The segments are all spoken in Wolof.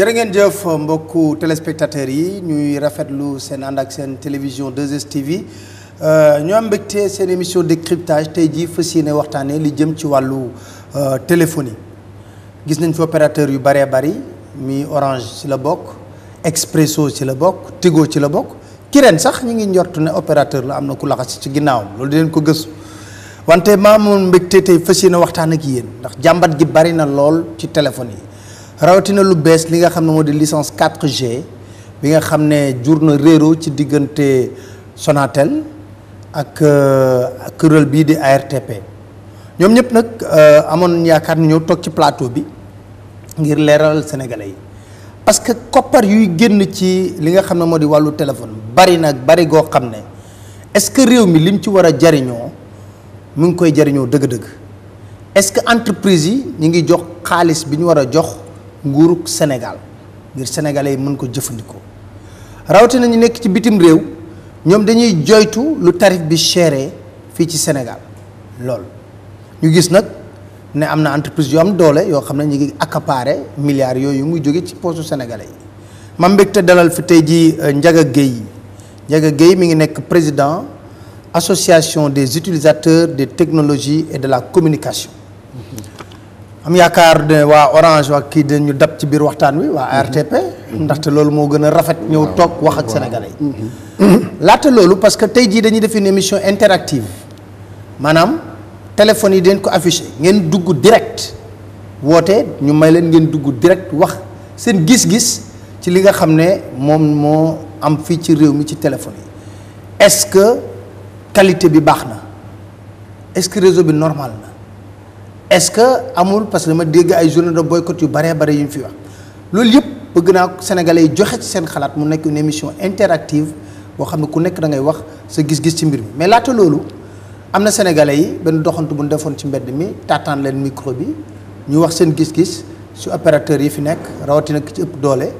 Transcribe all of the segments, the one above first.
jërë ngeen jëf mbokku téléspectateurs yi ñuy rafetlu seen ànd ak seen télévision 2STV euh, ñu am mbégte seen émission décryptage tey jii fas yéene waxtaanee li jëm ci wàllu yi euh, gis nañ fi opérateur yu bëree bari mi Orange ci la bokk Expresso ci la bokk Tigo ci la bokk kireen sax ñu ngi njort ne opérateur la am na ku laxas ci ginnaawam loolu di leen ko gëstu wante maamoon mbégte tey fas yéene waxtaan ak yéen ndax jàmbat gi bari na lool ci téléphone yi. rawatina lu bees li nga xam ne moo di licence 4G bi nga xam ne jur na réeroo ci diggante Sonatel ak euh, kuréel bii di ARTP ñoom ñëpp nag euh, amoon yaakaar ni ñëw toog ci plateau bi ngir leeral Sénégalais yi parce que koppar yuy génn ci li nga xam ne moo di wàllu téléphone bari nag bari goo xam ne est-ce que réew mi lim ci war a jariñoo mu ngi koy jariñoo dëgg-dëgg est-ce que entreprise yi ñu ngi jox xaalis bi ñu war a jox nguurug Sénégal ngir sénégalais yi mën ko jëfandikoo rawatina ñu nekk ci bitim réew ñoom dañuy joytu lu tarif bi chéré fii ci Sénégal lool ñu gis nag ne am na entreprise yu am doole yoo xam ne ñu ngi accaparé milliards yooyu muy jóge ci poosu sénégalais yi ma mbégte dalal fi tey jii euh, Ndiaga Guèye Ndiaga Guèye mi ngi nekk président association des utilisateurs des technologie et de la communication am yaakaar ne waa orange waa kii dañu dab ci biir waxtaan wi waa ARTP. Mhm. ndaxte loolu moo gën a rafet ñëw toog wax ak sénégalais yi. Mhm. laata loolu parce que tey jii dañuy def une émission interactive maanaam téléphone yi dañ ko affiché ngeen dugg direct woote ñu may leen ngeen dugg direct wax seen gis-gis ci li nga xam ne moom moo am fii ci réew mi ci téléphone yi est-ce que qualité bi baax na est-ce que réseau bi normal na. est-ce que amul parce que dama dégg ay journée de boycott yu baree bare yu ñu fi wax loolu yëpp bëgg naa Sénégalais yi joxe ci seen xalaat mu nekk une émission interactive boo xam ne ku nekk da ngay wax sa gis-gis ci mbir mi mais laata loolu am na Sénégalais yi benn doxantu bu defoon ci mbedd mi taataan leen micro bi ñu wax seen gis-gis su opérateurs yi fi nekk rawatina ki ci ëpp doole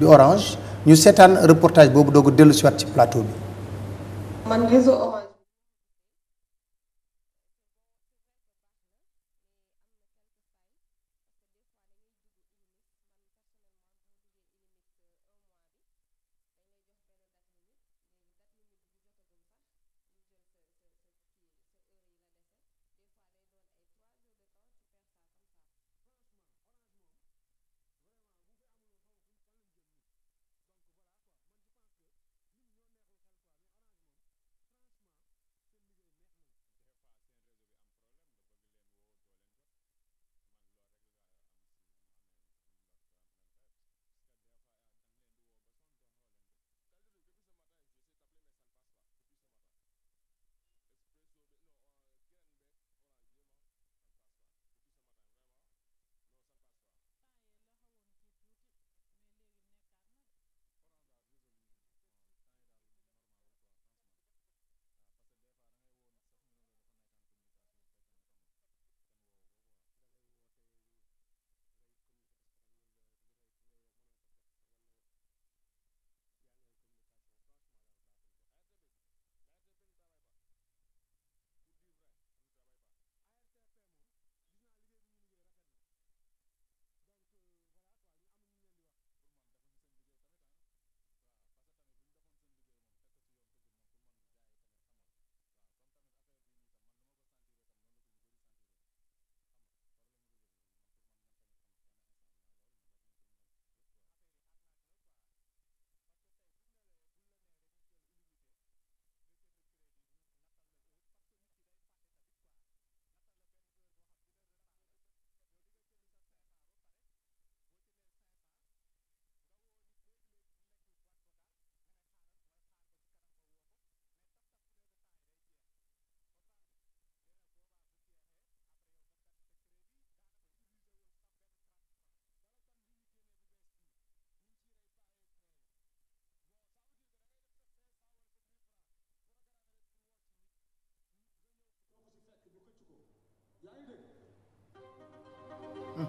di orange ñu seetaan reportage boobu doog dellu si waat ci plateau bi.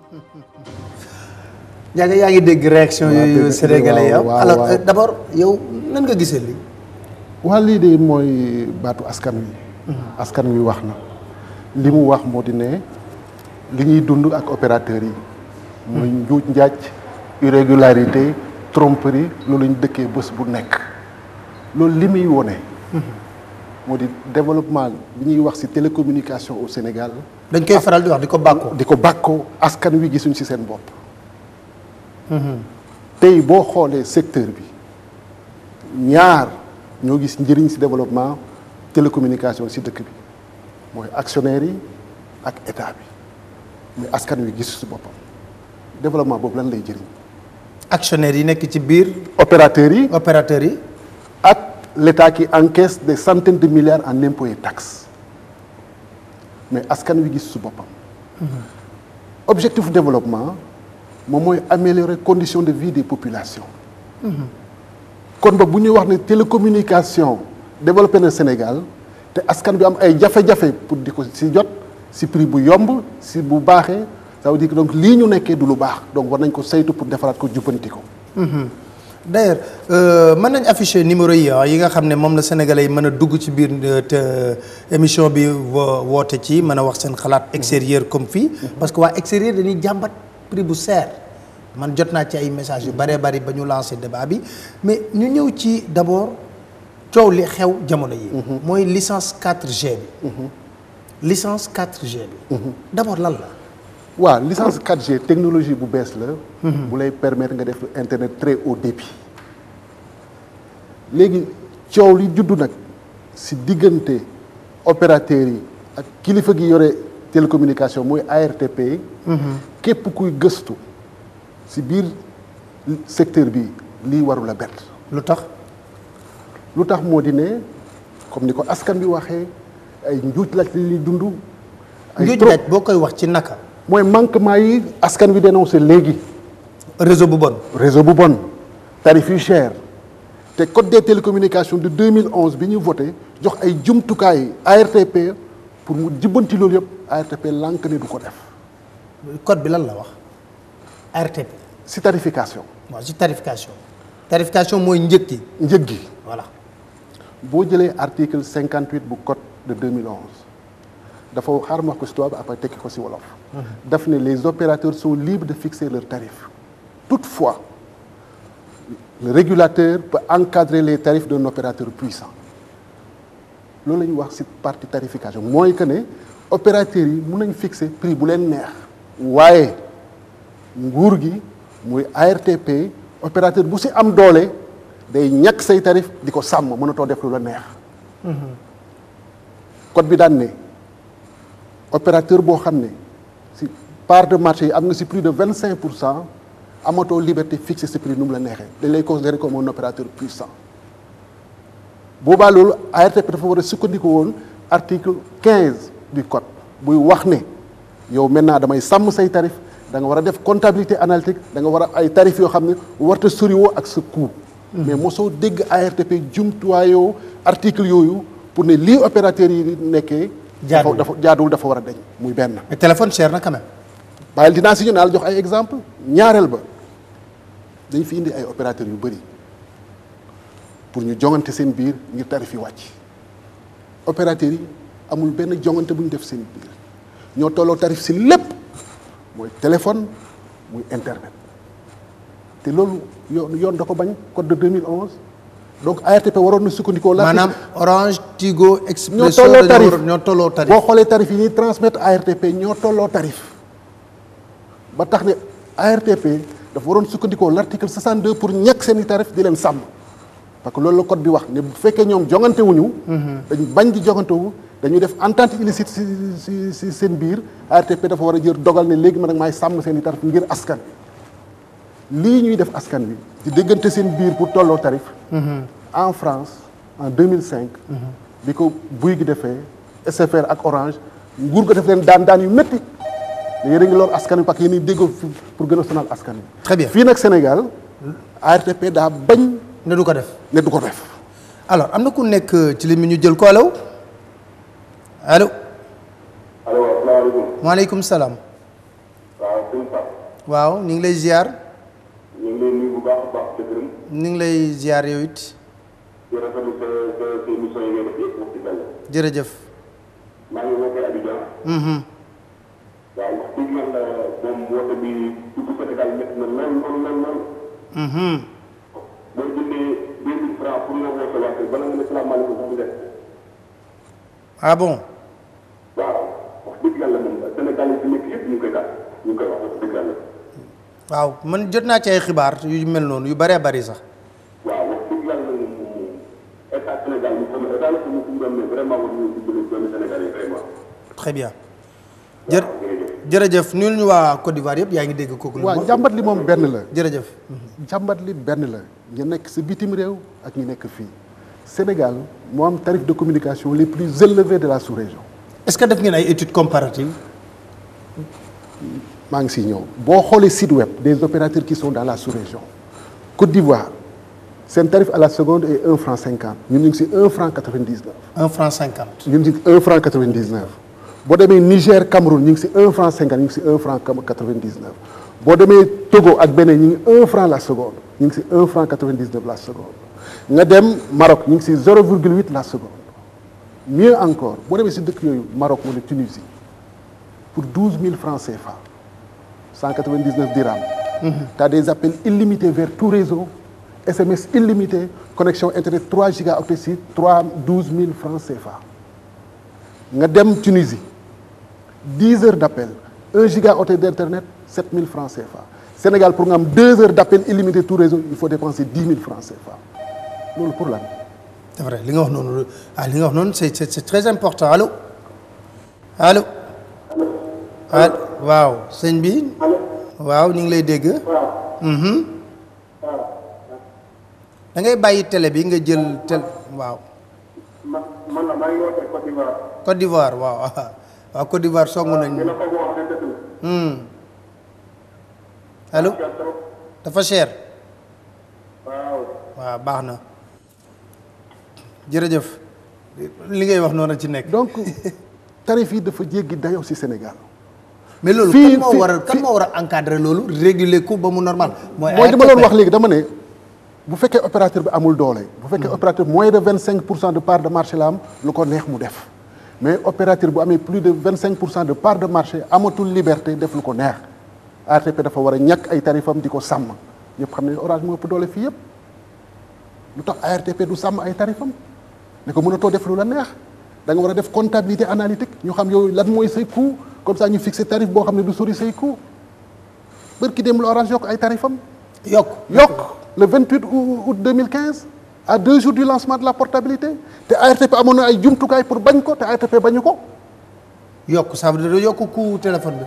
Ndiaga yaa ngi dégg réaction yooyu sénégalais yow alors euh, d'abord yow nan nga gisee lii. waa lii de mooy baatu askan wi. Mm-hmm. askan wi wax na li mu wax moo di ne li ñuy dund ak opérateurs yi. muy mm-hmm. njuuj njaaj irrégularité tromperie loolu ñu dëkkee bés bu nekk loolu li muy wone mm-hmm. moo di développement bi ñuy wax ci télécommunication au Sénégal. dañ koy faral di wax di ko bàkkoo. di ko bàkkoo askan wi gisuñ ci seen bopp. Mhm. tey boo xoolee secteur bi ñaar ñoo gis njëriñ ci développement télécommunication ci dëkk bi mooy actionnaires yi ak état bi mais askan wi gis ci boppam développement boobu lan lay jëriñ. actionnaires yi nekk ci biir. opérateurs yi opérateurs yi. l'État qui encaisse des centaines de milliards en impôts et mais askan wi gis su boppam. Mm-hmm. objectif développement moom mooy améliorer condition de vie de populations. Mm-hmm. kon ba bu ñuy wax ne télécommunication développé na Sénégal te askan bi am ay jafe-jafe pour di ko si jot si pris bu yomb si bu baaxee ça veut dire que donc lii ñu nekkee du lu baax donc war nañ ko saytu pour defaraat ko jubbanti ko. Mm-hmm. d'ailleurs euh, mën nañ afficher numéro yi ah, yi nga xam ne moom la sénégalais mën a dugg ci biir euh, te euh, émission bi woo woote ci mën a wax seen xalaat mm-hmm. extérieur comme fii mm-hmm. parce que waa extérieur dañuy jàmbat prix bu seer man jot naa ci ay message yu bëree bëri ba ñu lancé débat bi mais ñu ñëw ci d'abord coow li xew jamono yi mm-hmm. mooy licence 4G bi licence 4G bi d'abord lan la waaw licence 4G technologie bu bees la. Mhm. bu lay permettre nga def internet très haut débit. léegi coow li juddu nag si diggante opérateurs yi ak kilifa gi yore télécommunication mooy ARTP yi. Mhm. képp kuy gëstu si biir secteur bi lii waru la bett. lu tax lu tax moo di ne comme ni ko askan bi waxee ay njuuj laaj li ñuy ay trop boo koy wax ci naka. mooy manquement yi askan wi dénoncé léegi. réseau bu bon. réseau bu bon tarif yu cher te code de télécommunications de 2011 bi ñu voté jox ay jumtukaay ARTP pour mu jubbanti loolu yëpp ARTP lànk ne du ko def. code bi lan la wax ARTP. si tarification. waa si tarification. tarification mooy njëg gi. njëg gi voilà. boo jëlee article 58 bu code de 2011. dafa xaaral ma wax ko si tubaab après tekki ko si wolof. daf ne les opérateurs sont libres de fixer leurs tarifs. toutefois fois régulateur peut encadrer les tarifs d'un opérateur puissant loolu la wax si partie tarification mooy que ne opérateurs yi mun nañ fixer prix bu leen neex. waaye nguur gi muy ARTP opérateur bu si am doole day ñàkk say tarif di ko sàmm mënatoo def lu la neex. Mm-hmm. code bi daan ne. opérateur boo xam ne si part de marché yi am na si plus de vingt cinq pour cent amatoo liberté fixer sa prix nu la neexee dañ lay considérer comme un opérateur puissant boobaa loolu ARTP dafa war a sukkandiku woon article quinze du code buy wax ne yow maintenant damay sàmm say tarif da war a def comptabilité analytique da nga war a ay tarif yoo xam ne warta soriwoo ak sa coût mm-hmm. mais mosoo dégg ARTP jumtuwaayoo article yooyu pour ne lii opérateurs yi nekkee jaaduwul dafa jaaduwul dafa war a deñ muy benn. mais téléphone cher na quand même. dinaa si ñu naal jox ay exemple ñaareel ba dañ fi indi ay opérateurs yu bëri pour ñu jongante seen biir ngir tarif wàcc opérateurs yi amul benn jongante bu ñu def seen biir ñoo tolloo tarif si lépp mooy téléphone muy internet te loolu yoon yoon da ko bañ code de 2011. donc ARTP waroon na sukkandikoo. la maanaam Orange Tigo Expresso. ñoo tolloo ñoo tolloo tarif boo xoolee tarif yi ñuy transmettre ARTP ñoo tolloo tarif ba tax ne ARTP dafa waroon sukkandikoo l' article 62 pour ñàkk seen i tarif di leen sàmm parce que loolu la code bi wax ne bu fekkee ñoom jongante wuñu. bañ di jongante dañuy def entente illicite si si si seen biir ARTP dafa war a jël dogal ne léegi man ak maay sàmm seen i tarif ngir askan lii ñuy def askan wi. di déggante seen biir pour tolloo tarif mhm. en France en 2005 mhm. bi ko buy gi defee SFR ak Orange nguur ko def leen daan daan yu métti ne yéen a ngi lor askan wi parce déggoo pour gën a sonal askan wi très bien fii nag Sénégal ARTP daa bañ ne du ko def ne du ko def alors am na ku nekk ci li ñu jël ko allo allo waaleykum salaam waaw waaw ñu ngi lay ziar ñu ngi lay ziar yow it. jërëjëf. Mhm. waaw wax dëgg yàlla moom woote bi na lool lool mhm. ah nekk yëpp ñu koy daal ñu koy wax wax dëgg yàlla. waaw man jot naa ci ay xibaar yu mel noonu yu bëree bari sax. très bien. jër jërëjëf ñu waa Côte d'Ivoire yëpp yaa ngi dégg kooku. waaw jàmbat li moom benn la. jërëjëf. jàmbat li benn la ñu nekk si bitim réew ak ñu nekk fii Sénégal moo am tarif de communication les plus élevés de la sous-région. est-ce que def ngeen ay études comparatives. maa ngi siy ñëw boo xoolee site web des opérateurs qui sont dans la sous-région Côte d'Ivoire seen tarif à la seconde est un franc cinquante ñun ñu ngi si un franc quatre-vingt-dix-neuf. un franc cinquante. ñu ngi si un franc quatre vingt dix boo demee Niger Cameroun ñu ngi si un franc ñu ngi si un franc quatre vingt boo demee Togo ak Bénin ñu ngi un franc la ñu ngi si un franc quatre la seconde nga dem Maroc ñu ngi si zéro virgule huit la seconde mieux encore boo demee si dëkk yooyu Maroc wala Tunisie pour douze mille francs CFA cent quatre-vingt-dix-neuf dirham mm-hmm. tu as des appels illimités vers tout réseau SMS illimité connexion internet 3 gigaoctets 3 12 000 francs CFA nga dem Tunisie dix heures d' appel un gigaoctet d' internet sept mille francs CFA Sénégal pour am deux heures d' appel illimité tout réseau il faut dépenser dix mille francs CFA loolu pour lan. c' li nga wax noonu ah li nga wax noonu c' est c' est très important allo allo. waaw sëñ bi. waaw ñu ngi lay dégg. Mhm. da ngay bàyyi télé bi nga jël tel waaw. Côte d'Ivoire waaw waaw Côte d'Ivoire songu nañu. Hmm. allo. dafa cher. waaw baax na. jërëjëf li ngay wax noonu ci nekk. donc tarif yi dafa jéggi dayoo ci Sénégal. mais loolu kan moo war a kan moo war a encadrer loolu réguler ko ba mu normal. mooy mooy dama doon wax léegi dama ne. bu fekkee opérateur bi amul doole. bu fekkee hmm. opérateur moins de vingt cinq pour cent de part de marché la am lu ko neex mu def. mais opérateur bu amee plus de vingt cinq pour cent de part de marché amatul liberté def lu ko neex ARTP dafa war a ñàkk ay tarifam di ko sàmm ñëpp xam ne Orange moo ëpp doole fii yëpp lu tax ARTP du sàmm ay tarifam ne ko mënatoo def lu la neex da nga war a def comptabilité analytique ñu xam yow lan mooy say coût comme ça ñu fixer tarif boo xam ne du sori say coût bër ki dem lu Orange yokk ay tarifam yokk yokk le 28 août 2015 à deux jours du lancement de la portabilité te ARTP amoon na ay jumtukaay pour bañ ko te ARTP bañu ko. yokk ça veut yokk coût téléphone bi.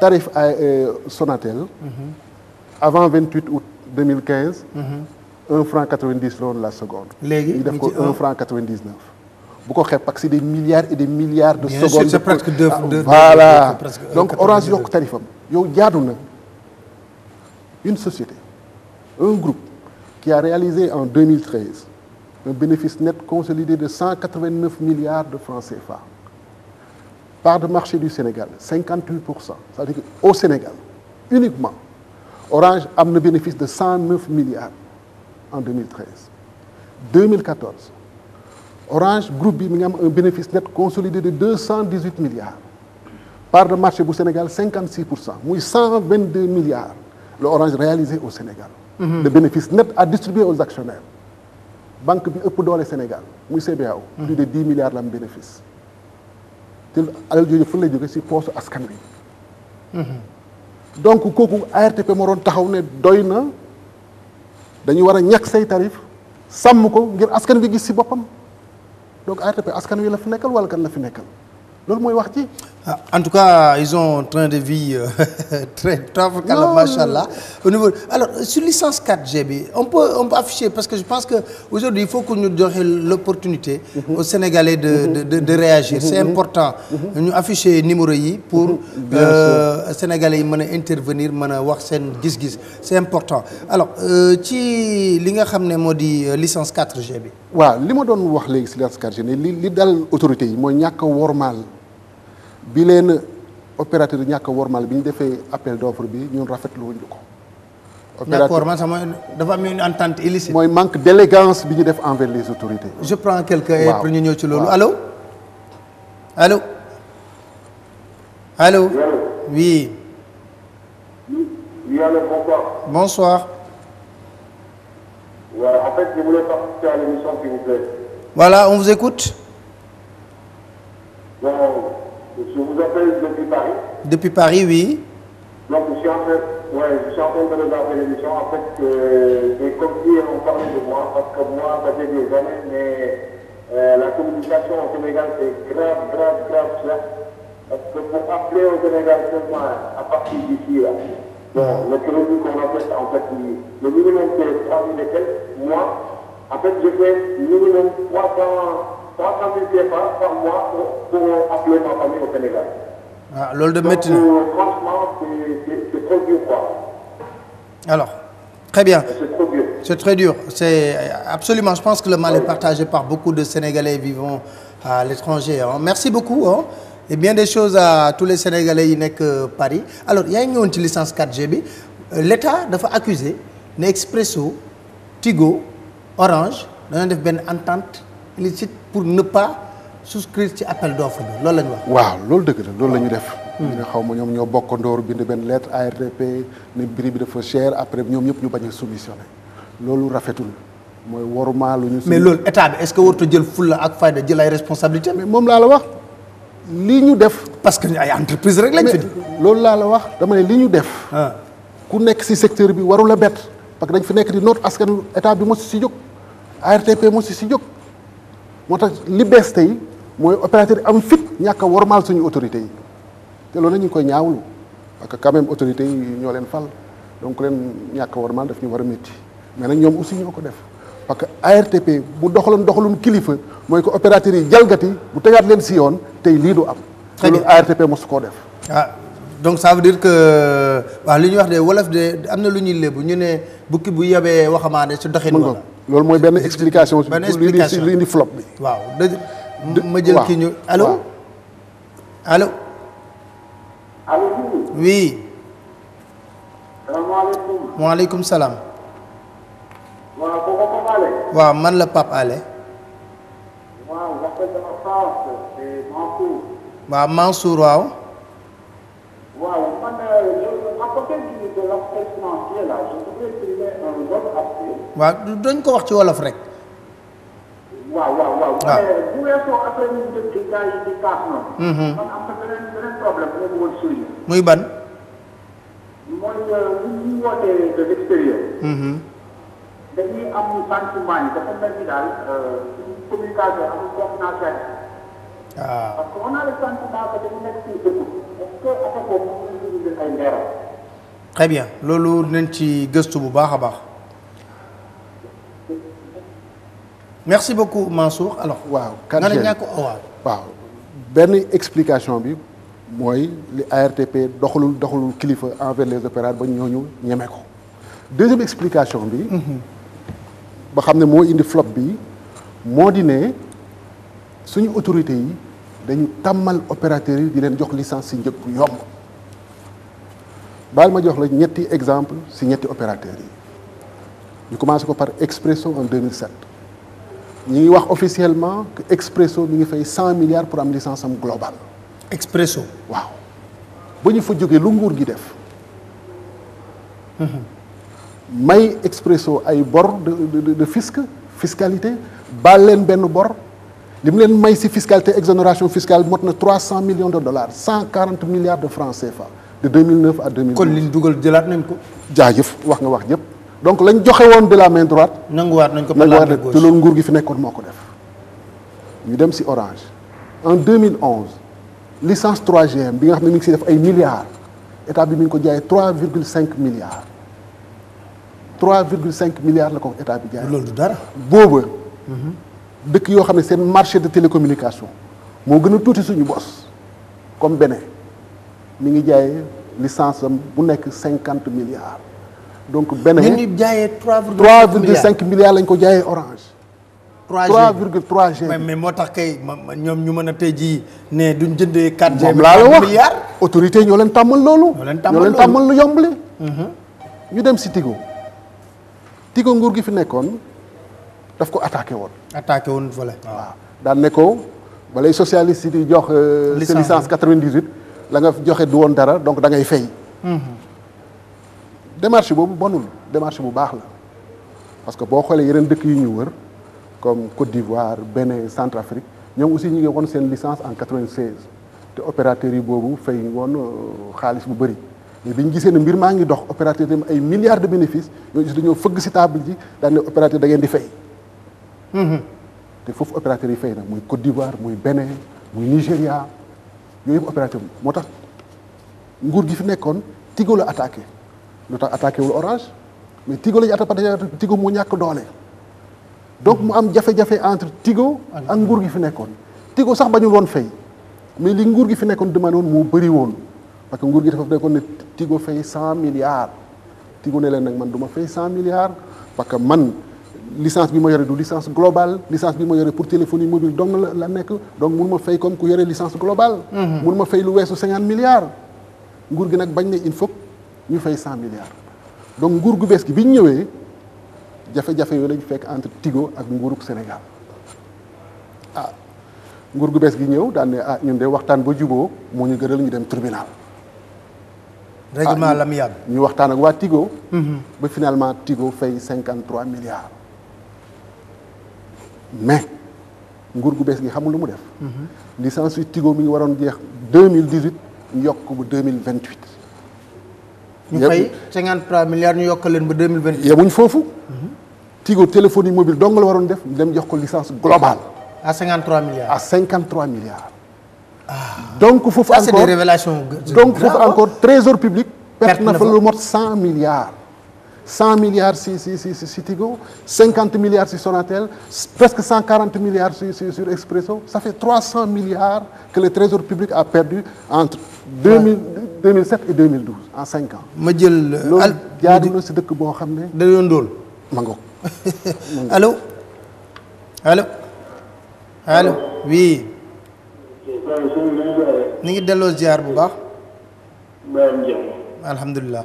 tarif ay euh, Sonatel. Mm-hmm. avant 28 août 2015. 1 mm-hmm. franc 90 la woon la seconde. léegi ñu ko 1 franc 99. bu ko xeeb parce que des milliards et des milliards de secondes. donc Orange yokk tarifam yow jaadu na une société un groupe. qui a réalisé en 2013 un bénéfice net consolidé de 189 milliards de francs CFA. Part de marché du Sénégal, 58%. C'est-à-dire qu'au Sénégal, uniquement, Orange a un bénéfice de 109 milliards en 2013. 2014, Orange Groupe Birmingham a un bénéfice net consolidé de 218 milliards. Part de marché du Sénégal, 56%. Mouille 122 milliards. Le Orange réalisé au Sénégal. de bénéfice net à distribuer aux actionnaires banque bi ëpp doole Sénégal muy CBAO hmm. plus de dix milliards la bénéfice te alal jooju lay jóge si poosu askan wi hmm. donc kooku ARTP moo doon taxaw ne doy na dañu war a ñàkk say tarif sàmm ko ngir askan bi gis si boppam donc ARTP askan wi la fi nekkal wala kan la fi nekkal loolu mooy wax ci Ah, en tout cas, ils ont train de vie euh, très tabarakalla, machallah. Au niveau alors sur licence 4G bi, on peut on peut afficher parce que je pense que aujourd'hui il faut que ñu joxe l'opportunité mhm. aux Sénégalais de mhm. de de, de réagir, c'est mhm. important. Ñu afficher numéro yi pour euh, Sénégalais yi mën a intervenir, mën a wax seen gis-gis, c'est important. Alors euh, ci li nga xam ne moo di euh, licence quatre g bi. waaw li ma doon wax léegi si licence 4G ne li li dal autorité yi mooy ñàkk a wormaal bi leen opérateur ñàkk a wormal bi ñu defee appel d'offre bi ñun ñu wuñu ko. opérateur man sama dafa am une entente illicite. mooy manque d'élégance bi ñu def envers les autorités. je prends quelqu'un et après ñu ñëw ci loolu allo. allo allo. voilà en Je vous appelle depuis Paris. Depuis Paris, oui. Donc, je suis en train, ouais, je suis en train de regarder l'émission. En fait, euh, j'ai compris, on parlait de moi, parce que moi, ça fait des années, mais euh, Parce que pour appeler au Sénégal seulement à partir d'ici, là, bon, le en fait, le minimum, c'est 3 000 en fait, je fais minimum 300. 300 000 CFA par ah, loolu de métti na euh, franchement c'est trop dur quoi. alors très bien. c'est très dur c'est absolument je pense que le mal oui. est partagé par beaucoup de Sénégalais vivant à l'étranger merci beaucoup hein. et bien des choses à tous les Sénégalais yi nekk Paris alors yaa ngi ñëwoon ci licence 4G bi euh, l'État dafa accuser ne Expresso Tigo Orange dana def benn entente. explicite pour ne pas souscrire ci appel d'offre bi loolu la wax. waaw loolu dëgg la loolu la ñu def. xaw ma ñoom ñoo bokk ndoor benn lettre ARTP ne prix bi dafa cher après ñoom ñëpp ñu bañ a loolu rafetul. mooy waruma lu ñu. mais loolu état bi est-ce que warut jël fulla ak fayda jël ay responsabilités. moom laa la wax li ñu def. parce que ay entreprise rek lañ fi. loolu laa la wax dama ne li ñu def. Ah. ku nekk ci secteur bi warul la bett parce que dañ fi nekk di noot askan état bi moo si si jóg ARTP moo si si jóg. moo tax li bees tey mooy yi am fit ñàkk a wormaal suñu autorité yi te loolu ñu koy ñaawlu parce que quand même autorité yi ñoo leen fal donc leen ñàkk a wormaal def ñu war a métti mais nag ñoom aussi ñoo ko def parce que ARTP bu doxaloon doxalum kilifa mooy ko opérateur yi jalgati bu tegaat leen si yoon tey lii du am. loolu ARTP mosu koo def. Ah, donc ça veut que waaw li ñuy wax de wolof de am na lu ñuy lébu ñu ne bukki bu yebee waxamaane si doxin. mën loolu mooy benn explication. benn explication li indi flop waaw dëgg ma jël kii ñu allo allo. allo. salaam. waaw man la Pape Alé. waaw wax dëgg waaw. waaw dañ ko wax ci wolof rek. waaw waaw waaw. waaw bu weesoo mhm. euh, mhm. affaire euh, ah. waaw bien loolu dinañ ci gëstu bu baax a baax merci beaucoup Mansour alors. waaw kan nga ñàkk waaw. benn explication bi mooy li ARTP doxalul doxalul kilifa envers les opérateurs ba ñooñu ñeme ko deuxième explication bi. Mhm. ba xam ne moo indi flop bi moo di ne suñu autorités yi dañu tàmmal opérateurs yi di leen jox licence si njëg yomb. baal ma jox la ñetti exemple si ñetti opérateurs yi ñu commencé ko par Expresso en 2007 ñu ngi wax officiellement que Expresso mi ngi fay 100 milliards pour am licence am globale. Expresso waaw ba ñu fa jógee lu nguur gi def. Mhm. may Expresso ay bor de de de fisc fiscalité baal leen benn bor li mu leen may si fiscalité exonération fiscale mot na 300 millions de dollars 140 milliards de francs CFA. de 2009 à 2012 kon li ñu dugal jëlaat nañ ko. jaajëf wax nga wax jëpp donc lañ joxe woon de la main droite. nanguwaat nañ ko par la main gauche te loolu nguur gi fi nekkoon moo ko def. ñu dem si Orange en 2011 licence 3GM bi nga xam ne mi ngi si def ay milliards état bi mi ngi ko jaayee 3,5 milliards 3,5 milliards la ko état bi jaayee. loolu du dara boobu. Mhm. dëkk yoo xam ne seen marché de télécommunication moo gën a tuuti suñu bos comme beneen. mi ngi jaayee licence am bu nekk cinquante milliards. donc benn mi ngi jaayee trois virgule cinq milliards lañ ko jaayee orange. 3 virgule 3 G mais moo tax kay ñoom ñu mën a tey jii ne duñ jëndee 4 G laa la wax autorité ñoo leen tàmmal loolu ñoo leen tàmmal lu yomb li mhm. ñu dem si Tigo Tigo nguur gi fi nekkoon daf ko attaqué woon attaqué woon fële waaw daan ne ko balay socialiste yi di jox euh, sa licence 98 la nga joxe du woon dara donc da ngay fay. Mhm. démarche boobu bonul démarche bu baax la parce que boo xoolee yeneen dëkk yu ñu wër comme Côte d'Ivoire Bénin Centrafrique ñoom aussi ñu ngi woon seen licence en 96 te opérateurs yi boobu fay woon euh, xaalis bu bëri mais bi ñu seen ne mbir maa ngi dox opérateur yi ay milliards de bénéfices ñoo gis dañoo fëgg si table ji daan ne dangeen da ngeen di fay. Mhm. te foofu opérateurs yi fay na muy Côte d'Ivoire muy Bénin muy Nigéria. yooyu yëpp opérative moo tax nguur gi fi nekkoon Tigo la attaqué lu tax attaqué wul Orange mais Tigo la ñu attaqué Tigo mu ñàkk doole donc mu am jafe-jafe entre Tigo ak nguur gi fi nekkoon Tigo sax bañul woon fay mais li nguur gi fi nekkoon demandé woon moo bëri woon parce que nguur gi dafa nekkoon ne Tigo fay cent milliards Tigo ne leen nag man du ma fay cent milliards parce que man licence bi ma yore du licence globale licence bi ma yore pour téléphonie mobile dong la la nekk ma fay comme ku yore licence globale mhm. mun ma fay lu weesu cinquante milliards nguur gi nag bañ ne il faut ñu fay cent milliards donc nguur gu bees gi bi ñu ñëwee jafe-jafe yooyu lañ fekk entre Tigo ak nguurug Sénégal ah nguur gu bees gi ñëw daan ne ah ñun de waxtaan ba juboo moo ñu gënal ñu dem tribunal règlement ah, l'amiable ñu waxtaan ak waa Tigo mhm. ba finalement Tigo fay cinquante trois mais nguur gu bees gi xamul lu mu def. Mhm. licence yu Tigo mi ngi waroon jeex deux mille dix huit ñu yokk ko ba mille vingt huit. ñu fay cinquante ñu yokk leen ba deux mille vingt huit. yemuñ foofu. Mhm. Tigo téléphonie mobile dong la waroon def dem jox ko licence globale. à cinquante trois à cinquante trois ah. donc foofu encore c'est des donc foofu encore trésor public. perte na fa lu mot cent milliards. 100 milliards si si si si Tigo 50 milliards si Sonatel presque 140 milliards si si sur Expresso ça fait 300 milliards que le trésor public a perdu entre 2000 2007 et 2012 en 5 ans. ma jël euh, loolu jaadu na si dëkk boo xam ne. da doon dool ma ngoog. allo allo allo ni ngi delloo ziar bu baax. alhamdulilah.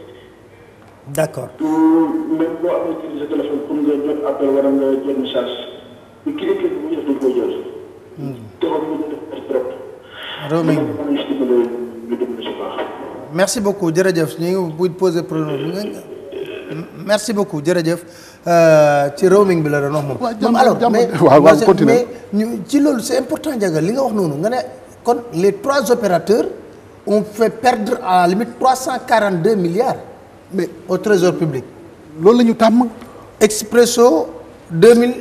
d'accord même boo amee ci sa téléphone pour nga merci beaucoup jërëjëf ñu ngi buy poser problème euh, merci beaucoup jërëjëf euh, ci roaming bi la doon wax moom. moom mais ñu ci loolu c'est important Diaga li nga wax noonu nga ne kon les trois opérateurs on fait perdre à limite trois cent quarante deux milliards. mais au trésor public loolu la ñu tàmm expresso deux mille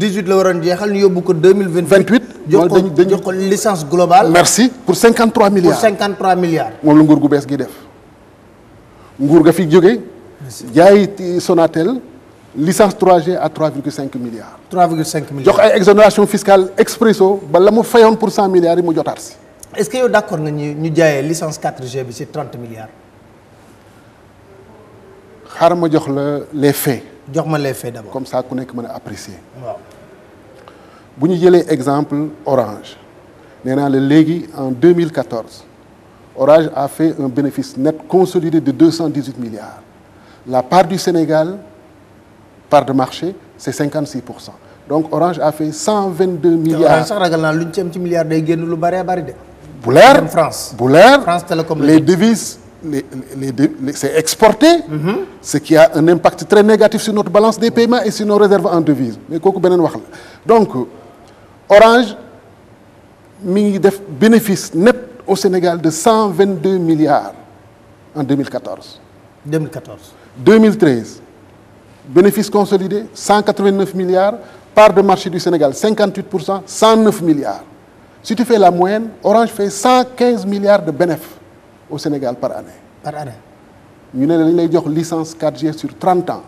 dix-huit la waroon jeexal ñu yóbbu ko mille vingt-huit jox ko jox ko licence globale merci pour cinquante-trois milliards pour cinquante-trois milliards moom la nguur gu bees gi def nguur ga fi jóge jaay Sonatel licence 3G à 3,5 milliards. 3,5 milliards jox ay exonération fiscale expresso ba la mu fayoon pour 100 milliards yi mu jotaat si. est-ce que yow d'accord nga ñu jaaye jaayee licence 4G bi ci 30 milliards. xaaral ma jox la les faits. jox ma les faits comme ça ku nekk mën a apprécier. bu ñu jëlee exemple Orange nee naa la léegi en 2014 Orange a fait un bénéfice net consolidé de 218 milliards la part du Sénégal part de marché c'est 56 pour cent donc Orange a fait 122 milliards Orange sax ragal naa lu ñu ci ci milliards day génn lu bëree bëri de. bu leer France bu leer France Télécom les devises. les, les, les c'est exporté, mm impact très négatif sur notre balance des paiements et sur nos réserves en devises. Mais donc Orange mi ngi def bénéfice net au Sénégal de 122 milliards en 2014. 2014 2013 bénéfice consolidé 189 milliards part de marché du Sénégal 58 pour cent 109 milliards si tu fais la Orange fait 115 milliards de bénéfice. au Sénégal par année. par année. ñu ne lañ lay jox licence 4G sur 30 ans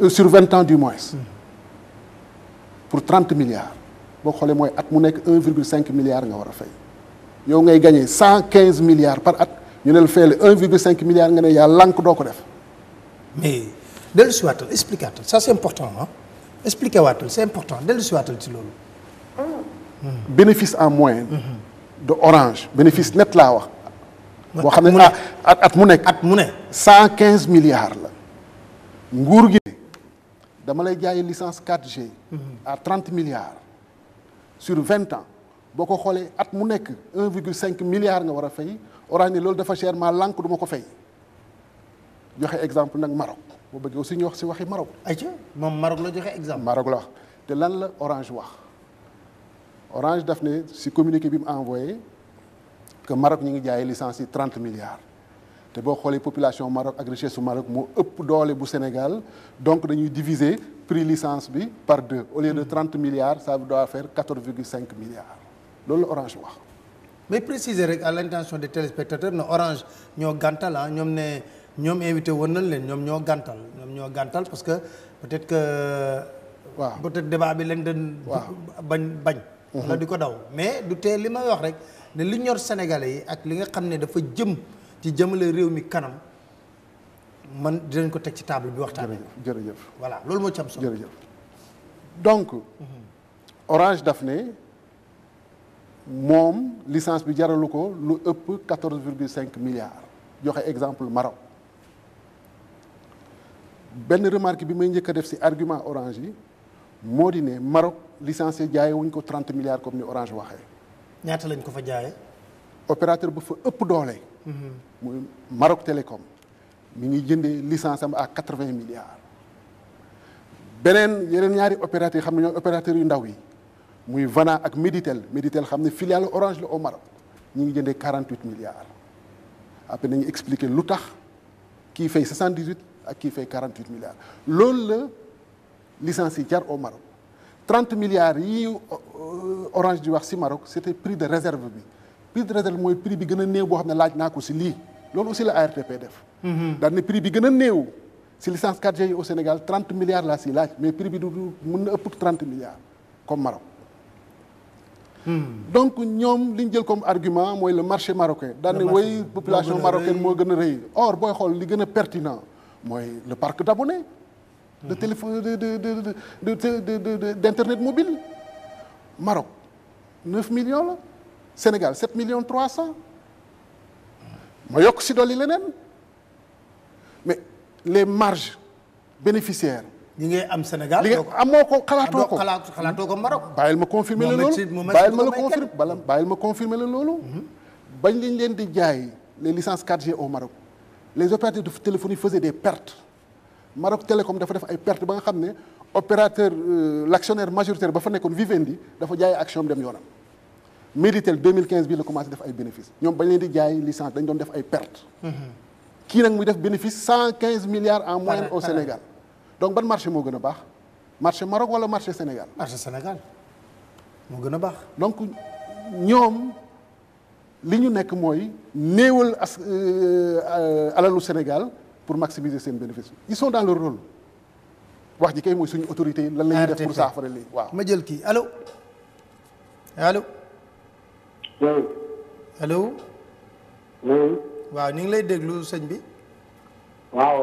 euh, sur 20 ans du moins. Hmm. pour 30 milliards. boo xoolee mooy at mu nekk 1,5 milliard nga war a fay. yow ngay gagné 115 milliards par at ñu ne la fayal 1,5 milliard nga ne yaa lànk doo ko def. mais dellu si waatal expliquatal ça c'est important ah expliqué waatal si waatal ci loolu. Hmm. bénéfice en moyenne. Hmm. de Orange bénéfice net laa wax. boo xam ne ah, at at mu nekk at mu ne cent quinze milliards la nguur gi dama lay jaayi licence quatre g mm-hmm. à trente milliards sur vingt ans boo ko xoolee at mu nekk un virgule cinq milliards nga war a fay Orange ne loolu dafa cher maa lànk du ko fay joxe exemple nag Maroc boo bëggee aussi ñu wax si waxi Maroc ayca moom Maroc la joxe exemple Maroc la wax te lan la Orange wax Orange daf ne si communiqué bi mu envoyé que Maroc ñu ngi jaayee licence yi trente milliards te boo xoolee population Maroc ak richesse su Maroc moo ëpp doole bu Sénégal donc dañuy diviser prix licence bi par deux au lieu de trente milliards ça doit faire quatorze virgule cinq milliards loolu la Orange wax. mais préciser rek à l'intention des téléspectateurs ne Orange ñoo gàntal ah, ñoom ne ñoom invité woon nañ leen ñoom ñoo gantal ñoom ñoo gàntal parce que peut-être que. waaw peut-être débat bi lañ doon. bañ bañ. Mhm. wala di ko ne li ñor sénégalais yi ak li nga xam ne dafa jëm ci jëmale réew mi kanam man dinañ ko teg ci taable bi waxtaan jërëjëf voilà loolu moo am solo jërëjëf donc Orange daf ne moom licence bi jaralu ko lu ëpp quatorze virgule cinq milliards joxe exemple Maroc benn remarque bi may njëkk def ci argument Orange yi moo di ne Maroc licencié jaay wuñ ko trente milliards comme ni Orange waxee ñaata lañ ko fa jaayee. opérateur bu fa ëpp doole. Mhm. muy Maroc Télécom mi ngi jëndee licence am à quatre-vingts milliards. beneen yeneen ñaari opérateurs xam ne ñooy opérateurs yu ndaw yi muy Vana ak Méditel Méditel xam ne filiale Orange la au Maroc ñu ngi jëndee quarante-huit milliards. après nañu expliquer lu tax kii fay soixante-dix-huit ak kii fay quarante-huit milliards loolu la licence yi jar au Maroc trente milliards yi euh, orange di wax si Maroc c'était prix de réserve bi prix de réserve mooy prix bi gën a néew boo xam ne laaj naa ko si lii loolu aussi la ARTP def mhm. daan ne bi gën a néew si licence 4G yi au Sénégal 30 milliards laa si laaj mais prix bi du mën na ëpp 30 milliards comme Maroc hmm. donc ñoom li ñu jël comme argument mooy le marché marocain daan ne way population marocaine moo gën a rëy or booy xool li gën a pertinent mooy le parc d'abonnés hmm. de téléphone de de de de d'internet mobile Maroc 9 millions la Sénégal 7 millions 300 ma yokk si dolli leneen mais les marges bénéficiaires. ñi ngay am Sénégal li nga am ko xalaatoo ko xalaatoo ko Maroc. bàyyil ma confirmer la loolu bàyyil ma la confirmer bala bàyyil ma confirmer la loolu. Mhm. bañ lañ leen di jaay les licences 4 au Maroc les opérateurs de téléphonie faisaient des pertes Maroc Télécom dafa def ay perte ba nga xam ne. opérateur euh, l'actionnaire majoritaire ba fa nekkoon Vivendi dafa jaay action dem yoonam Minitel 2015 bii la commencé def ay bénéfices ñoom bañ leen di jaay licence dañ doon def ay pertes. Mm-hmm. kii nag muy def bénéfice 115 milliards en moyenne au Sénégal donc ban marché moo gën a baax marché Maroc wala marché Sénégal. marché Sénégal moo gën a baax. donc ñoom li ñu nekk mooy néewal as euh, euh, alalu Sénégal pour maximiser seen bénéfice ils sont dans leur rôle. wax ji kay suñu autorité yi la ñuy def pour saafara waaw. ma jël kii allo waaw. allo. oui. waaw ñu ngi lay déglu sëñ bi. waaw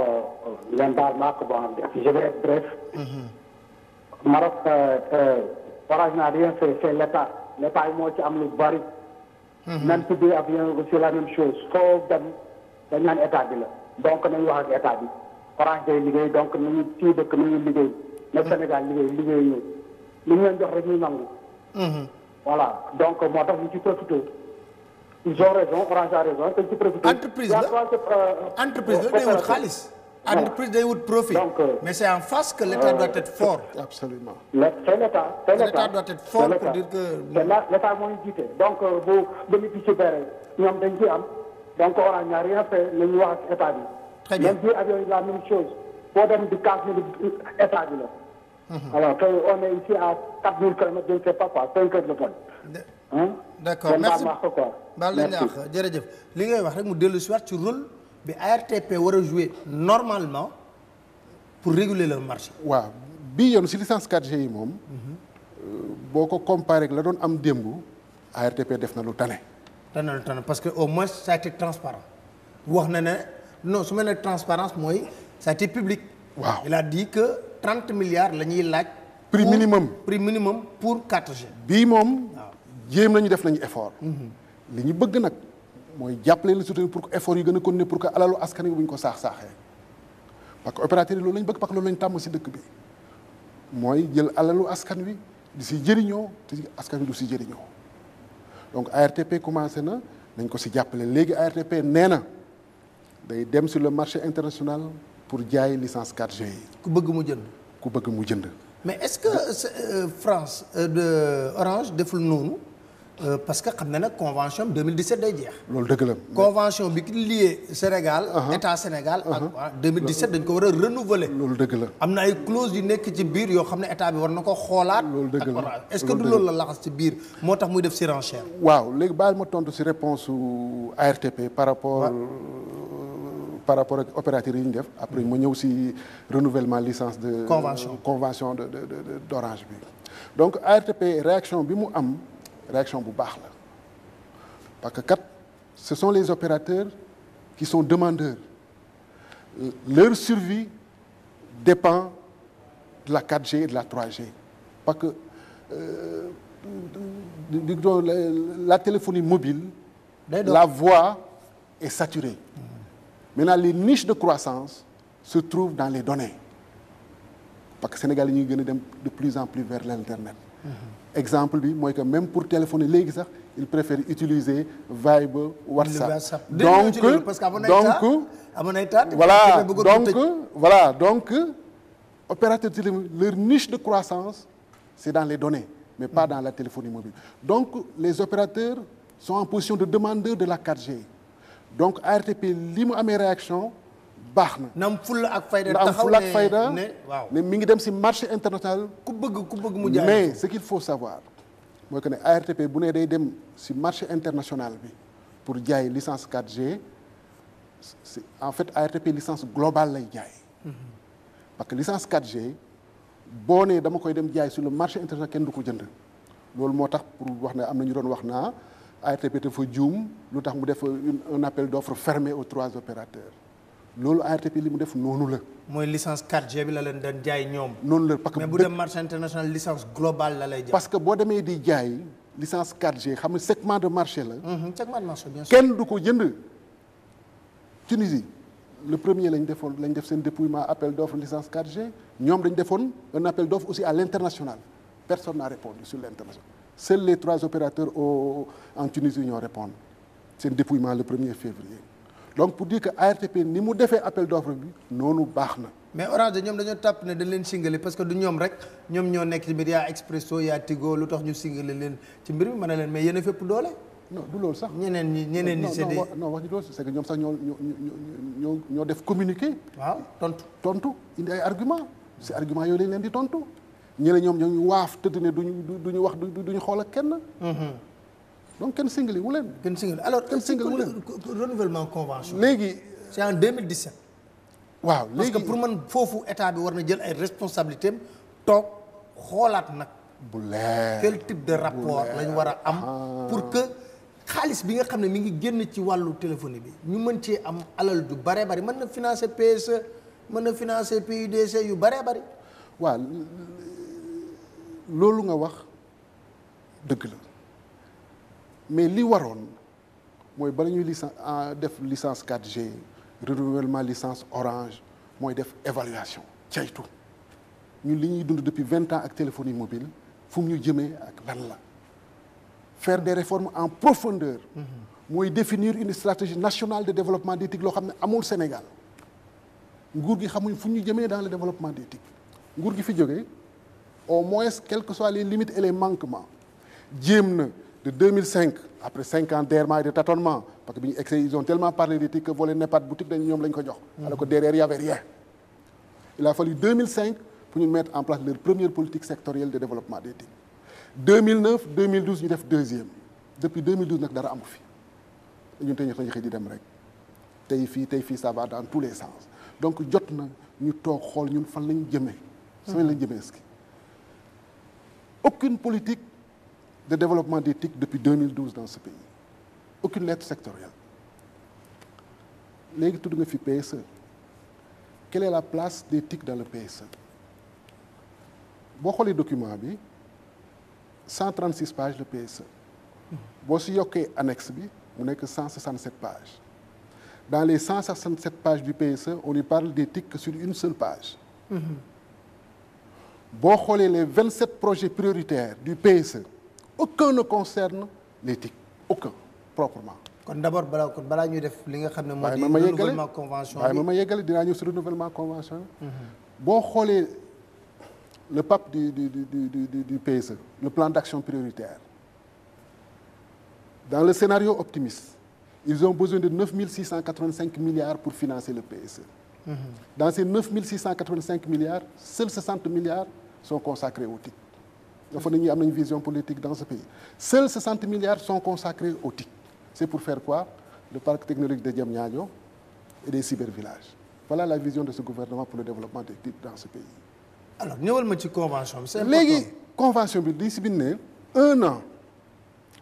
ngeen baal ma ak bon je vais être bref. Mhm. Maroc forage euh, euh, n'a rien fait c'est l'état l'état yi moo ci am lu bari. Mhm. même tuddee avion aussi la même chose foo dem dañ naan état bi la donc nañ wax ak bi. Orange day liggéey donc nañu fii dëkk nañu liggéey. na mm-hmm. Sénégal liggéey liggéey ñu li ñu leen jox rek ñu nangu. Mm-hmm. voilà donc moo tax ñu ci profité. ils ont raison Orange a raison te ci profité. entreprise la euh, entreprise la euh, day wut xaalis. entreprise day wut profit. donc euh, mais c'est en face que l'État doit être fort. absolument mais c'est l'État c'est l'État doit être fort pour dire que. l'État moo ñu jiite donc bu bénéfice bare ñoom dañ ci am donc Orange n'a rien fait nañu wax ak état bi. très bien même biir avion yi mhm. merci baal nañ jërëjëf li ngay wax rek mu dellu si waat ci rôle bi ARTP war a jouer normalement pour réguler la marché. waaw bii yoon si licence 4 yi moom. Mhm. Euh, boo ko comparé la doon am démb ARTP def na lu tane. dana lu tane parce que au moins ça a wax na ne. non su ma nee transparence mooy ça a été public. waaw il a dit que 30 milliards la ñuy laaj. prix minimum prix minimum pour 4G. bii moom. waaw jéem nañu def nañu effort. Mhm. li ñu bëgg nag mooy jàppale leen surtout pour que effort yi gën a continuer pour que alalu askan wi bu ñu ko saax saaxee parce que opérateur yi loolu lañ bëgg parce que loolu lañ tàmm si dëkk bi mooy jël alalu askan wi di si jëriñoo te askan wi du si jëriñoo donc ARTP commencé na nañ ko si jàppale léegi ARTP nee na. day dem si le marché international pour jaay licence 4G yi. ku bëgg mu jënd. ku bëgg mu jënd. mais est-ce que euh, euh, France euh, de Orange deful noonu euh, parce que xam ne nag convention bi 2017 day jeex. loolu dëgg la convention bi ki lié Sénégal. Uh-huh. Uh-huh. état Sénégal ak uh-huh. waa dañ ko war a renouveler. loolu dëgg la am na ay clause yu nekk ci biir yoo xam ne état bi war na ko xoolaat. loolu dëgg est-ce que du loolu la laxas ci biir moo tax muy def surenchère. waaw léegi baal ma tontu si réponse su ARTP par rapport. Ouais. Euh, par rapport ak opérateur yi ñu def après ma ñëw si renouvellement licence de convention convention de d' orange bi donc ARTP réaction bi mu am réaction bu baax la parce que kat ce sont les opérateurs qui sont demandeurs leur survie dépend de la 4G la 3G parce que euh, la téléphonie mobile la voix est saturée maintenant les niches de croissance se trouvent dans les données parce que Sénégal yi ñuy gën a dem de plus en plus vers l'internet mm exemple bi mooy que même pour téléphoner léegi sax il préfère utiliser Viber WhatsApp. WhatsApp. donc donc parce que donc voilà donc voilà donc opérateur téléphone leur niche de croissance c'est dans les données mais pas mhm. dans la téléphonie mobile donc les opérateurs sont en position de demandeur de la 4G. donc ARTP lii mu amee réaction baax na. na am fulla ak fayda taxaw ne fayda ne mi ngi dem si marché international. ku bëgg ku bëgg mu jaay mais ce qu'il faut savoir mooy que ne ARTP bu ne day dem si marché international bi pour jaay licence 4G c'est en fait ARTP licence globale lay jaay. Mm-hmm. parce que licence 4G boo nee dama koy dem jaay sur le marché international kenn du ko jënd loolu moo tax pour wax ne am na ñu doon wax naa. ARTP dafa juum lu tax mu def un appel d'offre fermé aux trois opérateurs loolu ARTP li mu def noonu la. mooy licence 4G bi la leen doon jaay ñoom. noonu la parce que boo demee di jaay licence 4 xam nga de marché la. Mhm, segment de marché bien sûr kenn du ko jënd Tunisie. le premier lañ defoon lañ def seen dépouillement appel d'offre licence 4 ñoom dañ defoon un appel d'offre aussi à l'international personne n'a répondu sur l'international Seuls les trois opérateurs au, en Tunisie ñoo répondre seen dépouillement le 1er février donc pour dire que ARTP ni mu defee appel d'offre bi noonu baax na. mais Orange ñoom dañoo tàpp ne dañ leen singale parce que du ñoom rek ñoom ñoo nekk ci mbir yaa Expresso yaa Tigo lu tax ñu singale leen ci mbir mi mën na leen mais yéen a fépp doole. non du loolu sax. ñeneen ñi ñeneen ñi séddee non wax ñu loolu c'est que ñoom sax ñoo ñoo ñoo def communiqué. waaw tontu tontu indi ay argument si argument yooyu lañ leen di tontu. ñu ne ñoom ñoo ñu waaf tëdd ne duñu duñu wax duñu xool ak kenn. Mhm. donc kenn singali wu leen. kenn singali alors kenn singali wu leen renouvellement convention. léegi c'est en 2017. waaw léegi pour man foofu état bi war na jël ay responsabilités am toog xoolaat nag. bu leer quel type de rapport lañ war a am. Ah. pour que xaalis bi nga xam ne mi ngi génn ci wàllu téléphonie bi ñu mën cee am alal ju bare bari mën na financer PSE mën na financer PUDC yu bare bari. waa loolu nga wax dëgg la mais li waroon mooy bala ñuy licence ah, def licence 4G renouvellement licence orange mooy def évaluation caytu ñun li ñuy dund depuis vingt ans ak téléphonie mobile fu mu ñu jëmee ak lan la faire des réformes en profondeur mm-hmm. mooy définir une stratégie nationale de développement des TIC loo xam ne amul Sénégal nguur gi xamuñ fu ñu jëmee dans le développement des TIC nguur gi fi jógee au moins quelles que soient les limites et les jéem na de après cinq ans d'errement et de tâtonnement parce que bi ñu egg ils ont tellement parlé d'éthique que volet NEPAD boutique dañu ñu ko jox. Mm-hmm. alors que il a pour ñu mettre en place leur première politique sectorielle de développement def deuxième depuis nag dara amu fi ñu xëy xëy di dem rek tey fii tey fii ça va dans tous les sens donc jot na ñu toog xool ñun fan la ñu jëmee. fan la ñu jëmee aucune politique de développement des TIC depuis 2012 dans ce pays. Aucune lettre sectorielle. léegi tudd nga fi PSE quelle est la place des TIC dans le PSE boo xoolee document bi 136 pages le PSE boo si yokkee annexe bi mu nekk 167 pages dans les 167 pages du PSE on y parle des TIC que sur une seule page. Mm-hmm. boo xoolee les vingt sept projets prioritaires du PSE aucun ne concerne les kon d' abord balaa kon balaa ñuy def li nga xam ne moo di renouvellement convention bi waaye ma ma yeggale dinaa ñëw si renouvellement mhm. boo xoolee le PAP du du du du du du PSE le plan d' action prioritaire dans le scénario optimiste ils ont besoin de cinq milliards pour financer le Dans ces 9 685 milliards, seuls 60 milliards sont consacrés au TIC. Il faut avoir une vision politique dans ce pays. Seuls 60 milliards sont consacrés au TIC. C'est pour faire quoi Le parc technologique de Diamniadio et des cybervillages. Voilà la vision de ce gouvernement pour le développement des TIC dans ce pays. Alors, nous avons une convention. La convention, discipline, un an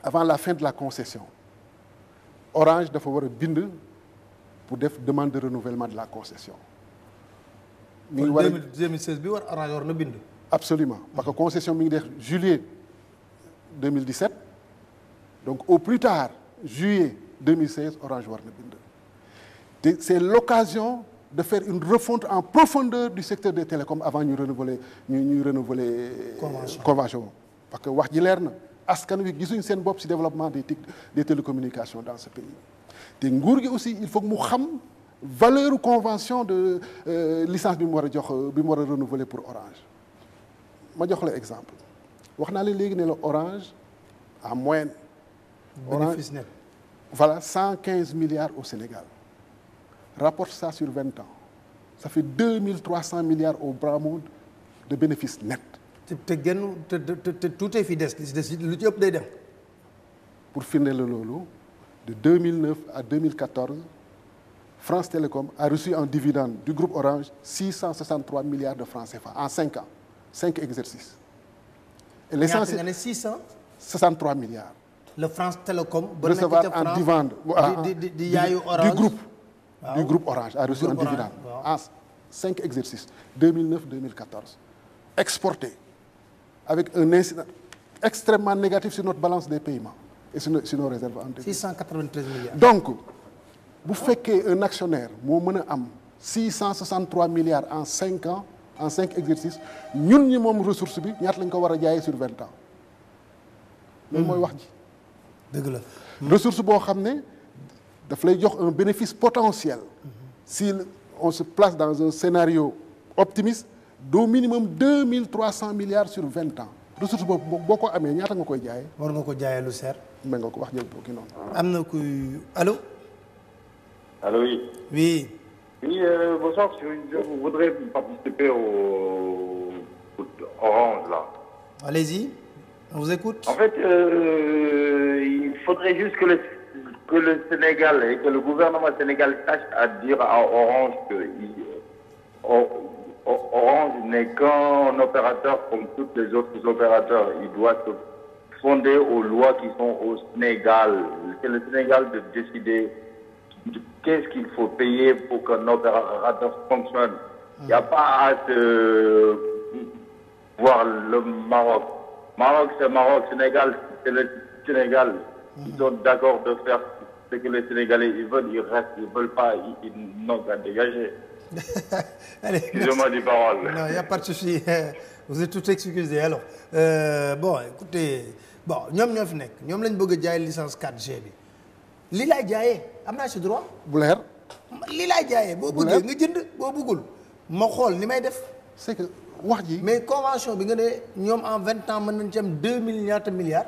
avant la fin de la concession, Orange doit avoir bind pour def demande de renouvellement de la concession. mi ngi war a 2016 bi war Orange war na bind. absolument parce que concession mi ngi def juillet 2017 donc au plus tard juillet 2016 Orange war na bind. te c'est l'occasion de faire une refonte en profondeur du secteur des télécoms avant ñu renouveler ñu ñuy renouveler. Euh, convention convention parce que wax ji leer na askan wi gisuñu seen bopp ci développement des des télécommunications dans ce pays. te nguur gi aussi il faut mu xam valeur convention de euh, licence bi mu war a jox bi mu war a renouveler pour Orange ma jox la exemple wax naa la léegi ne la Orange en moyenne. bénéfice net voilà cent quinze milliards au Sénégal rapporte ça sur vingt ans ça fait deux mille trois cent milliards au bas monde de bénéfice net. te te genn te te tuutee fi des des lu ci ëpp day dem. pour firnde la loolu. de 2009 à 2014, France Télécom a reçu en dividende du groupe Orange 663 milliards de francs CFA en 5 ans, 5 exercices. Et l'essentiel. 663 milliards. Le France Télécom recevoir en dividende ah, du, groupe. Du groupe Orange a reçu en dividende en 5 exercices, 2009-2014. Exporté avec un incident extrêmement négatif sur notre balance des paiements. et sur nos, sur nos réserves en devises. 693 milliards. donc bu fekkee un actionnaire moo mën a am 663 milliards en 5 ans en 5 exercices ñun ñi moom ressource bi ñaata lañ ko war a jaayee sur 20 ans. loolu mooy wax ji. dëgg la ressource boo xam ne daf lay jox un bénéfice potentiel. si on se place dans un scénario optimiste d'au minimum 2300 milliards sur 20 ans. ressource boobu boo ko amee ñaata nga koy jaayee. war nga ko jaayee lu seer. mën nga ko wax jël kii noonu. am na kuy allo. allo oui. oui. oui euh, participer au Orange là. allez-y vous écoute. en fait euh, il faudrait juste que le Sénégal et que le gouvernement sénégalais tâche à dire à Orange que euh, Orange n'est qu'un opérateur comme tous les autres Il doit se fonder aux lois qui sont au Sénégal. C'est le Sénégal de décider qu'est-ce qu'il faut payer pour qu'un opérateur fonctionne. Il a pas à se voir le Maroc. Maroc, c'est Maroc. Sénégal, c'est le Sénégal. Ils sont d'accord de faire ce que les Sénégalais ils veulent. Ils restent, ils ne veulent pas. Ils, ils n'ont qu'à Allez, Excusez-moi de souci. Vous êtes tout excusé. Alors, euh, bon, écoutez, ñoom ñoo fi nekk ñoom lañ bëgg a jaay licence 4 bi lii laay jaayee am naa ci droit. bu leer. lii laay jaayee. boo bëggee nga jënd boo bëggul ma xool ni may def. c'est que wax ji. mais convention bi nga ne ñoom en vingt ans mën nañ ci am deux milliards milliards.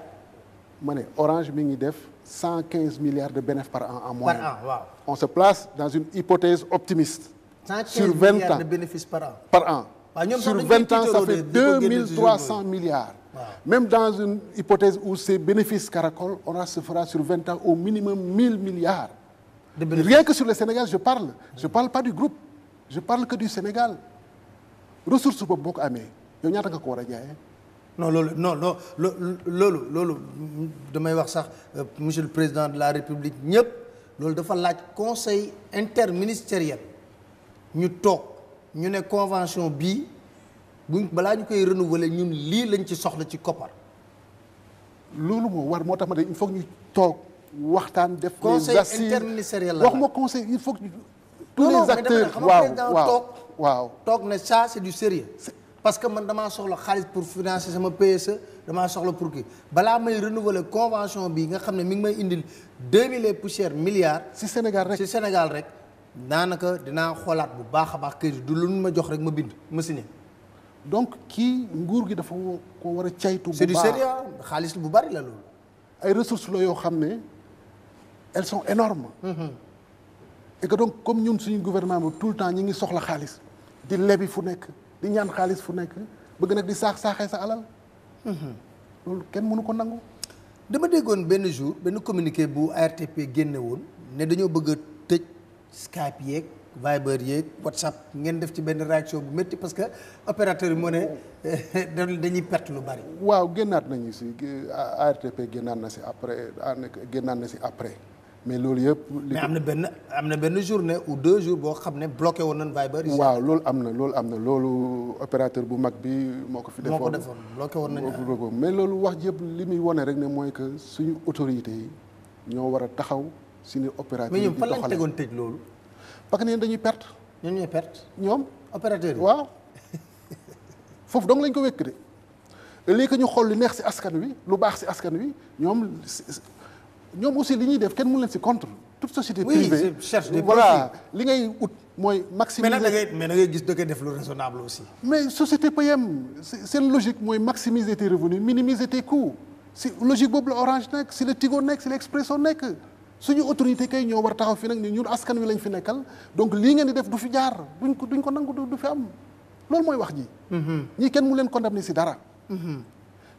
ma ne Orange mi ngi def cent quinze milliards de bénéfice par an en moyenne. par on se place dans une hypothèse optimiste. sur vingt ans de bénéfice par an par an sur vingt ans ça fait deux mille trois cent milliards même dans une hypothèse où ces bénéfices caracoles on se fera sur ans au minimum mille milliards rien que sur le Sénégal je parle je parle pas du groupe je parle que du Sénégal ressource boobu boo ko amee yow nga ko war a jaayee non loolu non loolu loolu damay wax sax euh, monsieur le président de la République ñëpp loolu dafa laaj conseil interministériel ñu toog ñu ne convention bii buñ balaa ñu koy renouveler ñun lii lañ ci soxla ci koppar. loolu moo war moo tax ma ne il faut ñu toog waxtaan def. conseil interministériel la wax ma conseil il faut que tous les acteurs waaw waaw waaw toog ne ça c'est du sérieux parce que man damaa soxla xaalis pour financer sama PSE damaa soxla pour kii balaa may renouveler convention bi nga xam ne mi ngi may indil deux mille et poussière milliards. ci Sénégal rek ci Sénégal rek. daanaka dinaa xoolaat bu baax a baax këyit du lu ma jox rek ma bind ma signé donc kii nguur gi dafa ko war a caytu. bu baax c'est xaalis bu bari la loolu. ay ressources la yoo xam ne elles sont énormes mm-hmm. et que donc comme ñun suñu gouvernement bi tout le temps ñi ngi soxla xaalis di lebi fu nekk di ñaan xaalis fu nekk bëgg nag di saax saaxee sa alal. Mm-hmm. loolu kenn mënu ko nangu. dama déggoon benn jour benn communiqué bu ARTP génne woon ne dañoo bëgg a tëj. Skype yeeg Viber yeeg WhatsApp ngeen def ci benn réaction bu métti parce que opérateur bi moo ne dañuy perte lu bari. waaw génnaat nañu si ARTP génnaat na si après génnaat na si après. mais loolu yëpp. mais am na benn am na benn journée ou deux jours boo xam ne bloqué woon nañ Viber. waaw loolu am na am na loolu opérateur bu mag bi moo ko fi. defoon moo ko defoon bloqué woon nañu mais loolu wax yëpp li muy wane rek ne mooy que suñu autorités yi ñoo war a taxaw. si les opérateurs. mais ñoom fan lañ tegoon loolu. parce que neen dañuy perte. ñoom ñooy perte. ñoom opérateur yi waaw. foofu dong lañ ko wékk de léegi ñu xool li neex si askan wi lu baax si askan wi ñoom ñoom aussi li ñuy def kenn mënu leen si contre. toute société privée oui voilà li ngay ut mooy. maximiser mais da ngay mais da ngay gis da ngay def lu raisonnable aussi. mais société payem seen logique mooy maximiser tes revenus minimiser tes coûts si logique boobu la Orange nekk si la Tigo nekk si la Expresso nekk. suñu autorité kay ñoo war taxaw fi nag ni ñun askan wi lañ fi nekkal donc lii ngeen di def du fi jaar duñ ko duñ ko nangu du fi am loolu mooy wax ji. Mm-hmm. ñii kenn mu leen condamné si dara. Mm-hmm.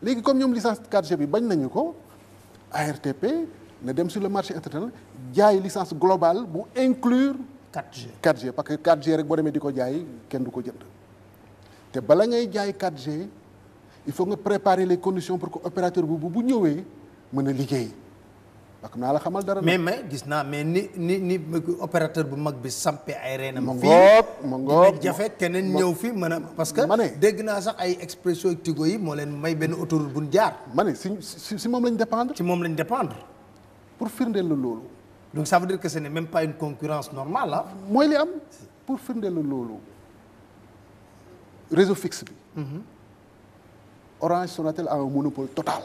léegi comme ñoom licence 4G bi bañ nañu ko ARTP na dem sur le marché international jaay licence globale bu inclure. 4G parce que 4 rek boo demee di ko jaay kenn du ko jënd. te bala ngay jaay 4G il faut nga préparer les conditions pour que opérateur boobu bu ñëwee mën a liggéey. parce que naa la xamal dara. mais mais gis naa mais ni ni ni opérateur bu mag bi sampé ay reenam. ma ngoog ma ngoog fii jafe keneen ñëw fi man a. parce que dégg naa sax ay expresso tigo yi moo leen may benn autoroute bu ñu jaar. ma ne si moom lañ dépendre. ci moom lañ dépendre. pour firndeel la loolu. donc ça veut dire que ce n'est même pas une concurrence normale ah. mooy li am pour firndeel la loolu réseau fixe bi. Mhm. Orange Sonatel a monopole total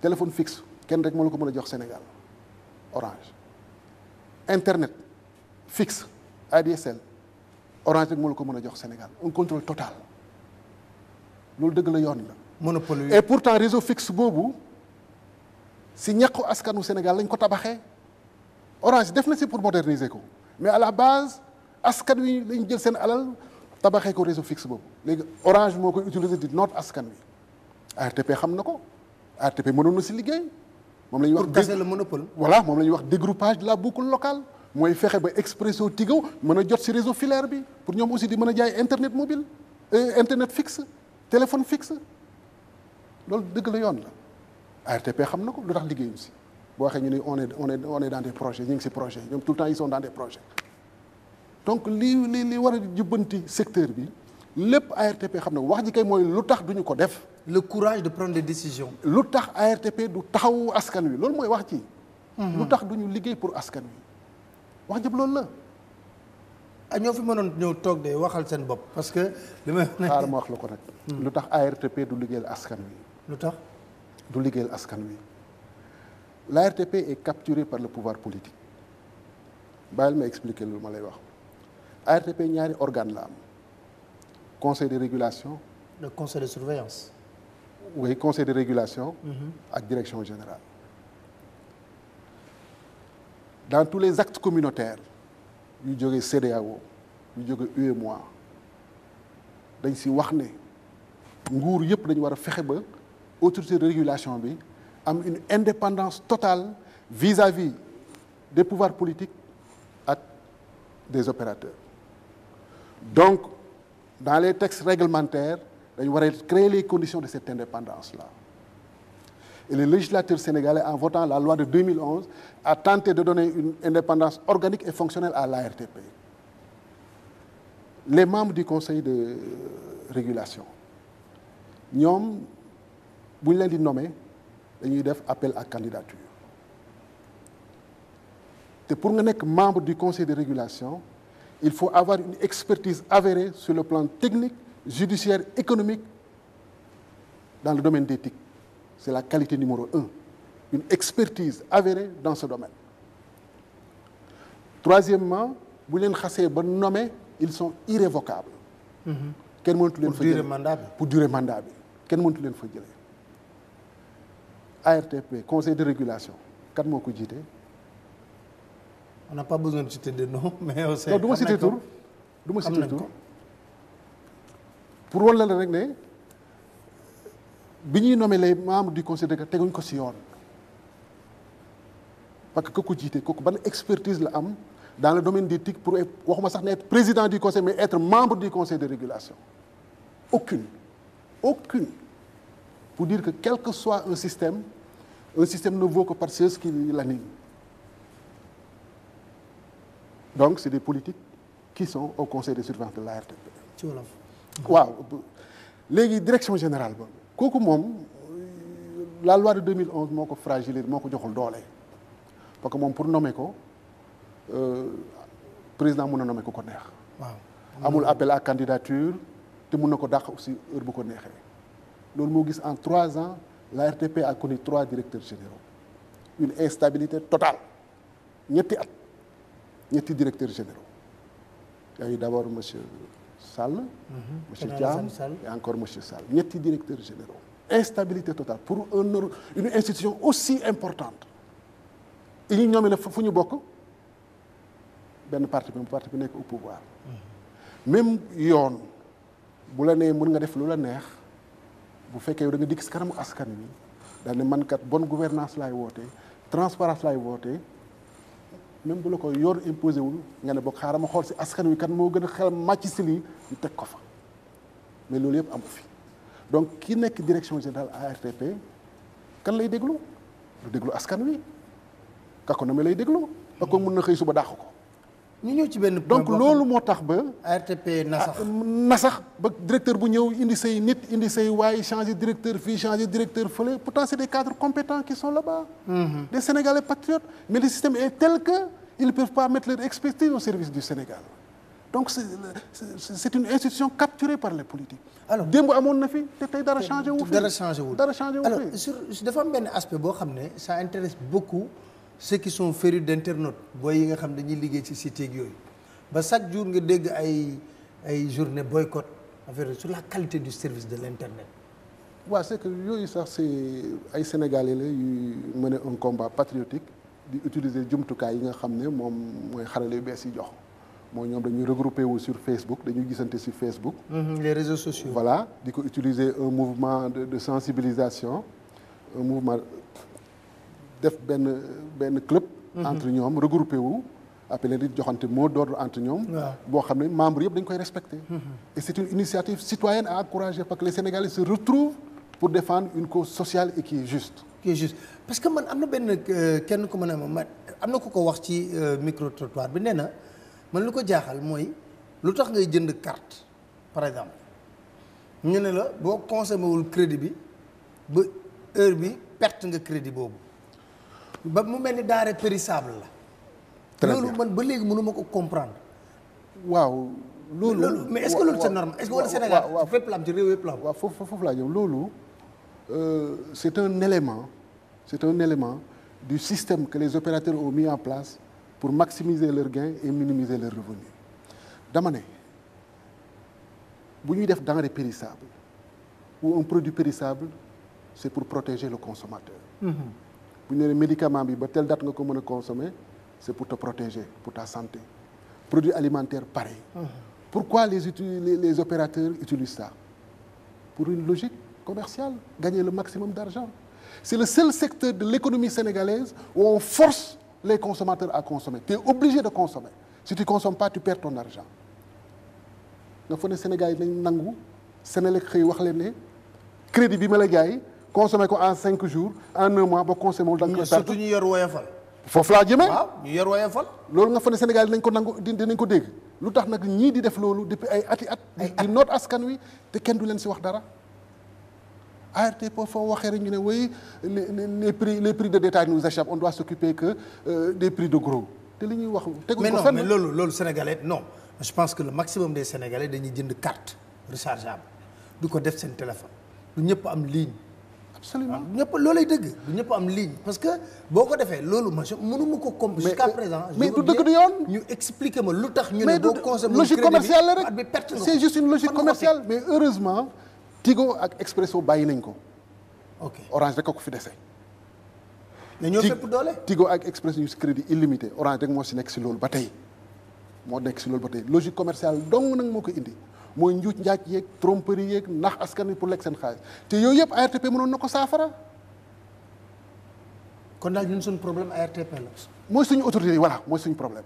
téléphone fixe. kenn rek moo la ko mën a jox Sénégal orange internet fixe ADSL orange rek moo la ko mën a jox Sénégal un contrôle total loolu dëgg la yoon na monopole et pourtant réseau fixe boobu si ñàkku askanu Sénégal lañ ko tabaxee orange def na si pour moderniser ko mais à la base askan wi lañ jël seen alal tabaxee ko réseau fixe boobu léegi orange moo koy utiliser di noot askan wi ARTP xam na ko ARTP mënoon na si liggéey. moom la ñuy wax pour casser le monopole. voilà moom la ñuy wax dégroupage la boucle locale mooy fexe ba Expresso Tigo mën a jot ci réseau filaire bi pour ñoom aussi di mën a jaay internet mobile euh, internet fixe téléphone fixe loolu dëgg la yoon la ARTP xam na ko lu tax liggéeyuñ ci boo waxee ñu ne on est on est on est dans des projets ñu ngi si projet ñoom tout le temps ils sont dans des projets donc li li li war a jubbanti secteur bi lépp ARTP xam na wax ji kay mooy lu tax duñu ko def. le courage de prendre des décisions. lu tax ARTP du taxawu askan wi loolu mooy wax ci. Hmm. lu tax du ñu liggéey pour askan wi wax jëpp loolu la. ah ñoo fi mënoon ñëw toog de waxal seen bopp parce que. li may xaar ma wax la ko nag. Hmm. lu tax ARTP du liggéeyal askan wi. lu tax du liggéeyal askan wi. l'ARTP est capturée par le pouvoir politique bàyyil ma expliquer lu ma lay wax ARTP ñaari organe la am conseil de régulation. le conseil de surveillance. oui conseil de régulation. Mhm. ak direction général dans tous les actes communautaires yu jóge CEDEAO yu jóge UEMOA dañ si wax ne nguur yëpp dañ war a fexe ba autorité de régulation bi am une indépendance totale vis-à-vis des pouvoirs politiques ak des opérateurs donc dans les textes réglementaires dañu war a créer les conditions de cette indépendance là et le législateur sénégalais en votant la loi de 2011 a tenté de donner une indépendance organique et fonctionnelle à l'ARTP les membres du conseil de régulation ñoom bu leen di nommer dañuy def appel à candidature te pour nga nekk membre du conseil de régulation il faut avoir une expertise avérée sur le plan technique judiciaire économique dans le domaine d'éthique. C'est la qualité numéro un, une expertise avérée dans ce domaine. Troisièmement, bu leen xasee ba nommé ils sont irrévocables. Mm-hmm. kenn mënatu leen fa jëlee pour pour durer mandat bi kenn mënatu leen fa jëlee. ARTP conseil de régulation kat moo ko jiite. on n'a pas besoin de citer de nom mais. on sait non du ma citer tur du ma citer tur. pour walla la rek ne bi ñuy nommé les membres du conseil de quartier teguñ ko si yoon parce que ku jiite kooku ban expertise la am dans le domaine d'éthique pour waxuma sax ne être président du conseil mais être membre du conseil de régulation aucune aucune pour dire que quel que soit un système un système ne vaut que par ceux qui l'animent donc c'est des politiques qui sont au conseil de surveillance de l'ARTP waaw léegi direction général ba kooku moom la loi de 2011 moo ko fragiliser moo ko joxul doole parce que moom pour nommer ko euh, président mun na nommer ko ko neex. waaw amul appel à candidature te mun na ko dàq aussi heure bu ko neexee loolu moo gis en trois ans la RTP a connu trois directeurs généraux une instabilité totale ñetti at ñetti directeurs généraux yaayu d' abord monsieur. Sall. Mhm. monsieur Thiam et encore monsieur Sall ñetti directeurs généraux. instabilité totale pour un une institution aussi importante ñu ñoom ne fu ñu bokk benn parti bi parti bi nekk au pouvoir. Mhm. même yoon bu la nee mën nga def lu la neex bu fekkee yow da dikk si kanamu askan wi daal ne man bon bonne gouvernance laay woote transparence laay woote. même bu la ko yoon imposé wul nga ne boog xaaral ma xool si askan wi kan moo gën a xel màcc si lii ñu teg ko fa mais loolu yëpp amu fi donc ki nekk direction générale ARTP kan lay déglu du déglu askan wi kakonomi lay déglu. parce que mun na xëy suba dàq ko. ñu ñëw ci benn donc loolu moo tax ba. ARTP nasax ah, nasax ba directeur bu ñëw indi say nit indi say waay changer directeur fii changer directeur fële pourtant c'est des cadres compétents qui sont là-bas. Mmh. des Sénégalais patriotes mais le système est tel que ils ne peuvent pas mettre leur expertise au service du Sénégal donc c'est c'est une institution capturée par les politiques. alors démb amoon na fi te tey dara changé wu. dara changé wu dara changé wu alors sur dafa am aspect boo xam ne ça intéresse beaucoup. ceux qui sont férus d'internautes booy yi nga xam dañuy liggéey ci cité yooyu ba chaque jour nga dégg ay ay journée boycott affaire sur la qualité du service de l'internet. waaw c'est que yooyu sax si ay sénégalais la yuy ne un combat patriotique di utiliser jumtukaay yi nga xam ne moom mooy xaral yu bees yi jox moo ñoom dañuy regrouper wu sur Facebook dañuy gisante sur Facebook. Mm-hmm, les réseaux sociaux. voilà di ko utiliser un mouvement de sensibilisation un mouvement. def benn benn club. Mhm. entre ñoom regroupé wu. appelé di joxante mot d'ordre entre ñoom. boo xam ne membres yëpp dañ koy respecté. Mhm. et c' est une initiative citoyenne à encourager parce que les Sénégalais se retrouvent pour défendre une cause sociale et qui est juste. qui parce que man am na benn euh, kenn ku ma ne ma am na ko ko wax ci euh, micro trottoir bi nee na man lu ko jaaxal mooy lu tax ngay jënd carte par exemple ñu ne la boo consommé wul crédit bi ba heure bi perte nga crédit boobu. ba mu mel ni denrée périssable la. très bien loolu man ba léegi mënu ma ko comprendre. waaw. loolu mais est-ce que loolu c'est normal est-ce que loolu euh, c'est un élément c'est un élément du système que les opérateurs ont mis en place pour maximiser leurs gains et minimiser leurs revenus dama ne bu ñuy def denrée périssable ou un produit périssable c'est pour protéger le consommateur. Mm-hmm. bu ñu nee médicament bi ba telle date nga ko mën a consommer c'est pour te protéger pour ta santé produit alimentaire pareil. Mmh. pourquoi les les opérateurs utilisent ça pour une logique commerciale gagner le maximum d'argent c'est le seul secteur de l'économie sénégalaise on force les consommateurs à consommer tu es de consommer si tu consommes pas tu perds ton argent nga foog ne Sénégal yi nañ nangu Sénélec xëy wax leen ne crédit bi ma la jaay consommé ko en cinq jours en un mois ba consommé wul da nga koy ñu yor woyofal foofu laa jëmee ñu yor woyofal loolu nga fa ne Sénégal dinañ ko nangu dinañ ko dégg lu tax nag ñii di def loolu depuis ay ati at di noot askan wi te kenn du leen si wax dara ARTP foo waxee rek ñu ne oui les prix les prix de détail nous échappent on doit s'occuper que euh, li ñuy wax teguñu ko fenn mais non loolu loolu sénégalais non je pense que le maximum des sénégalais dañuy jënd carte rechargeable du ko def seen téléphone du ñëpp am ligne absolument ah, ñëpp loolay dëgg. du ñëpp am ligne parce que boo ko defee loolu ma mënu ma ko comp. jusqu'à présent mais du dëgg du yoon. ñu expliquer ma lu tax ñu ne boo. consommé logique commerciale la rek c'est juste une logique commerciale mais heureusement. Tigo ak Expresso bàyyi nañ ko. ok orange rek a fi dese. mais ñoo fépp doole Tigo ak Expresso ñu si crédit illimité orange rek moo si nekk si loolu ba tey. moo nekk si loolu ba tey logique commerciale dong nag moo ko indi. mooy njuuj njaaj yeeg tromperie yeeg nax askan wi pour lekk seen xaalis te yooyu yëpp ARTP mënoon na ko saafara. kon daal ñun suñu problème ARTP la. mooy suñu autorité yi voilà mooy suñu problème.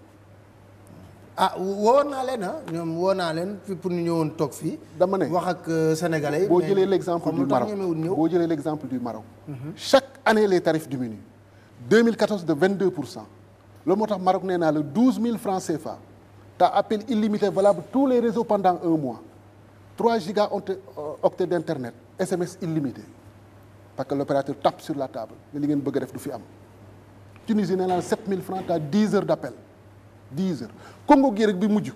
ah woo naa leen ah ñoom woo naa leen fi pour ñu ñëwoon toog fii. dama ne wax ak euh, sénégalais. boo jëlee l' du Maroc boo jëlee l' exemple du Maroc. chaque année les tarifs diminuent. cent. loolu moo tax Maroc nee naa la mille francs CFA. tu as appel illimité valable tous les réseaux pendant un mois 3 gigaoctets euh, d'internet SMS illimité parce que l'opérateur tape sur la table ne li ngeen bëgg def du fi am Tunisie nee naa 7000 francs tu as 10 heures d'appel 10 heures Congo gi rek bi mujj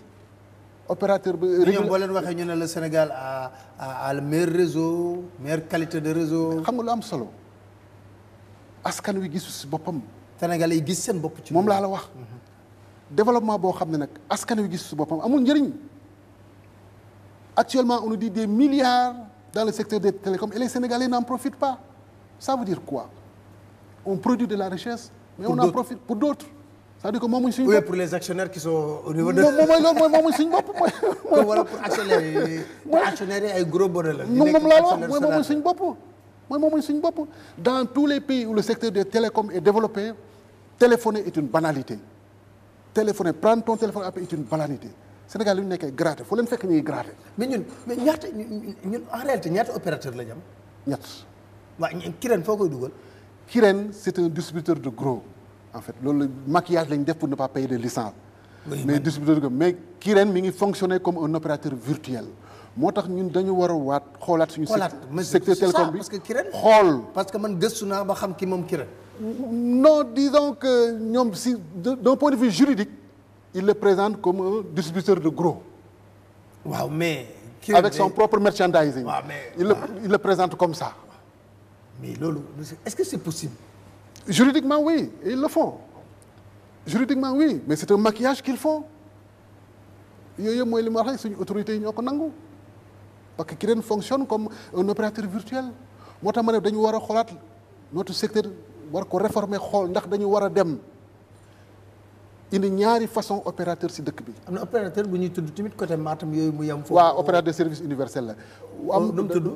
opérateur bi. ñoom boo leen waxee ñu ne le Sénégal a a le meilleur réseau meilleure qualité de réseau. xam nga lu am solo askan wi gisu si boppam. Sénégalais yi gis seen bopp ci moom laa la wax. Mhm. développement boo xam ne nag askan wi gis su boppam amu njëriñ actuellement on nous dit des milliards dans le secteur des télécoms et les Sénégalais n'en profitent pas ça veut dire quoi on produit de la richesse mais on en profite pour d'autres c'est-à-dire que moomuñ suñu bopp pour les actionnaires qui sont au niveau de. ay gros bonnets la. la wax mooy moomuñ suñu bopp. mooy moomuñ suñu bopp dans tous les pays où le secteur des télécoms est développé téléphoner est une banalité. téléphone prendre ton téléphone appel est une Sénégal li ñu nekkee gratter foo leen fekk ñuy gratter. mais ñun mais ñaata ñun en réalité ñaata opérateur la ñu ñet ñett. waa Kirène foo koy dugal. Kirène c' est un distributeur de gros en fait loolu maquillage lañ def pour ne pas payer de licence. mais distributeur ga mais Kirène mi ngi fonctionner comme un opérateur virtuel moo tax ñun dañu war a waat xoolaat suñu secteur télécom bi xool parce que man gëstu naa ba xam ki moom Kirène non disons que ñoom si d'un point de vue juridique il le présente comme un distributeur de gros waaw mais avec son propre merchandising waaw mais il le il le présente comme ça loolu est-ce que c'est possible juridiquement oui ils le font juridiquement oui mais c'est un maquillage qu'ils font yooyu mooy li ma wax suñu autorités yi ñoo ko nangu parce que Kirène fonctionne comme un opérateur virtuel moo tax ma ne dañu war a xoolaat notre secteur war ko réformer xool ndax dañu war a dem indi ñaari façon opérateur si dëkk bi. am na opérateur bu ñuy tudd tamit côté Matam yooyu mu yem. foofu waaw opérateur service universel la. am oh, nu mu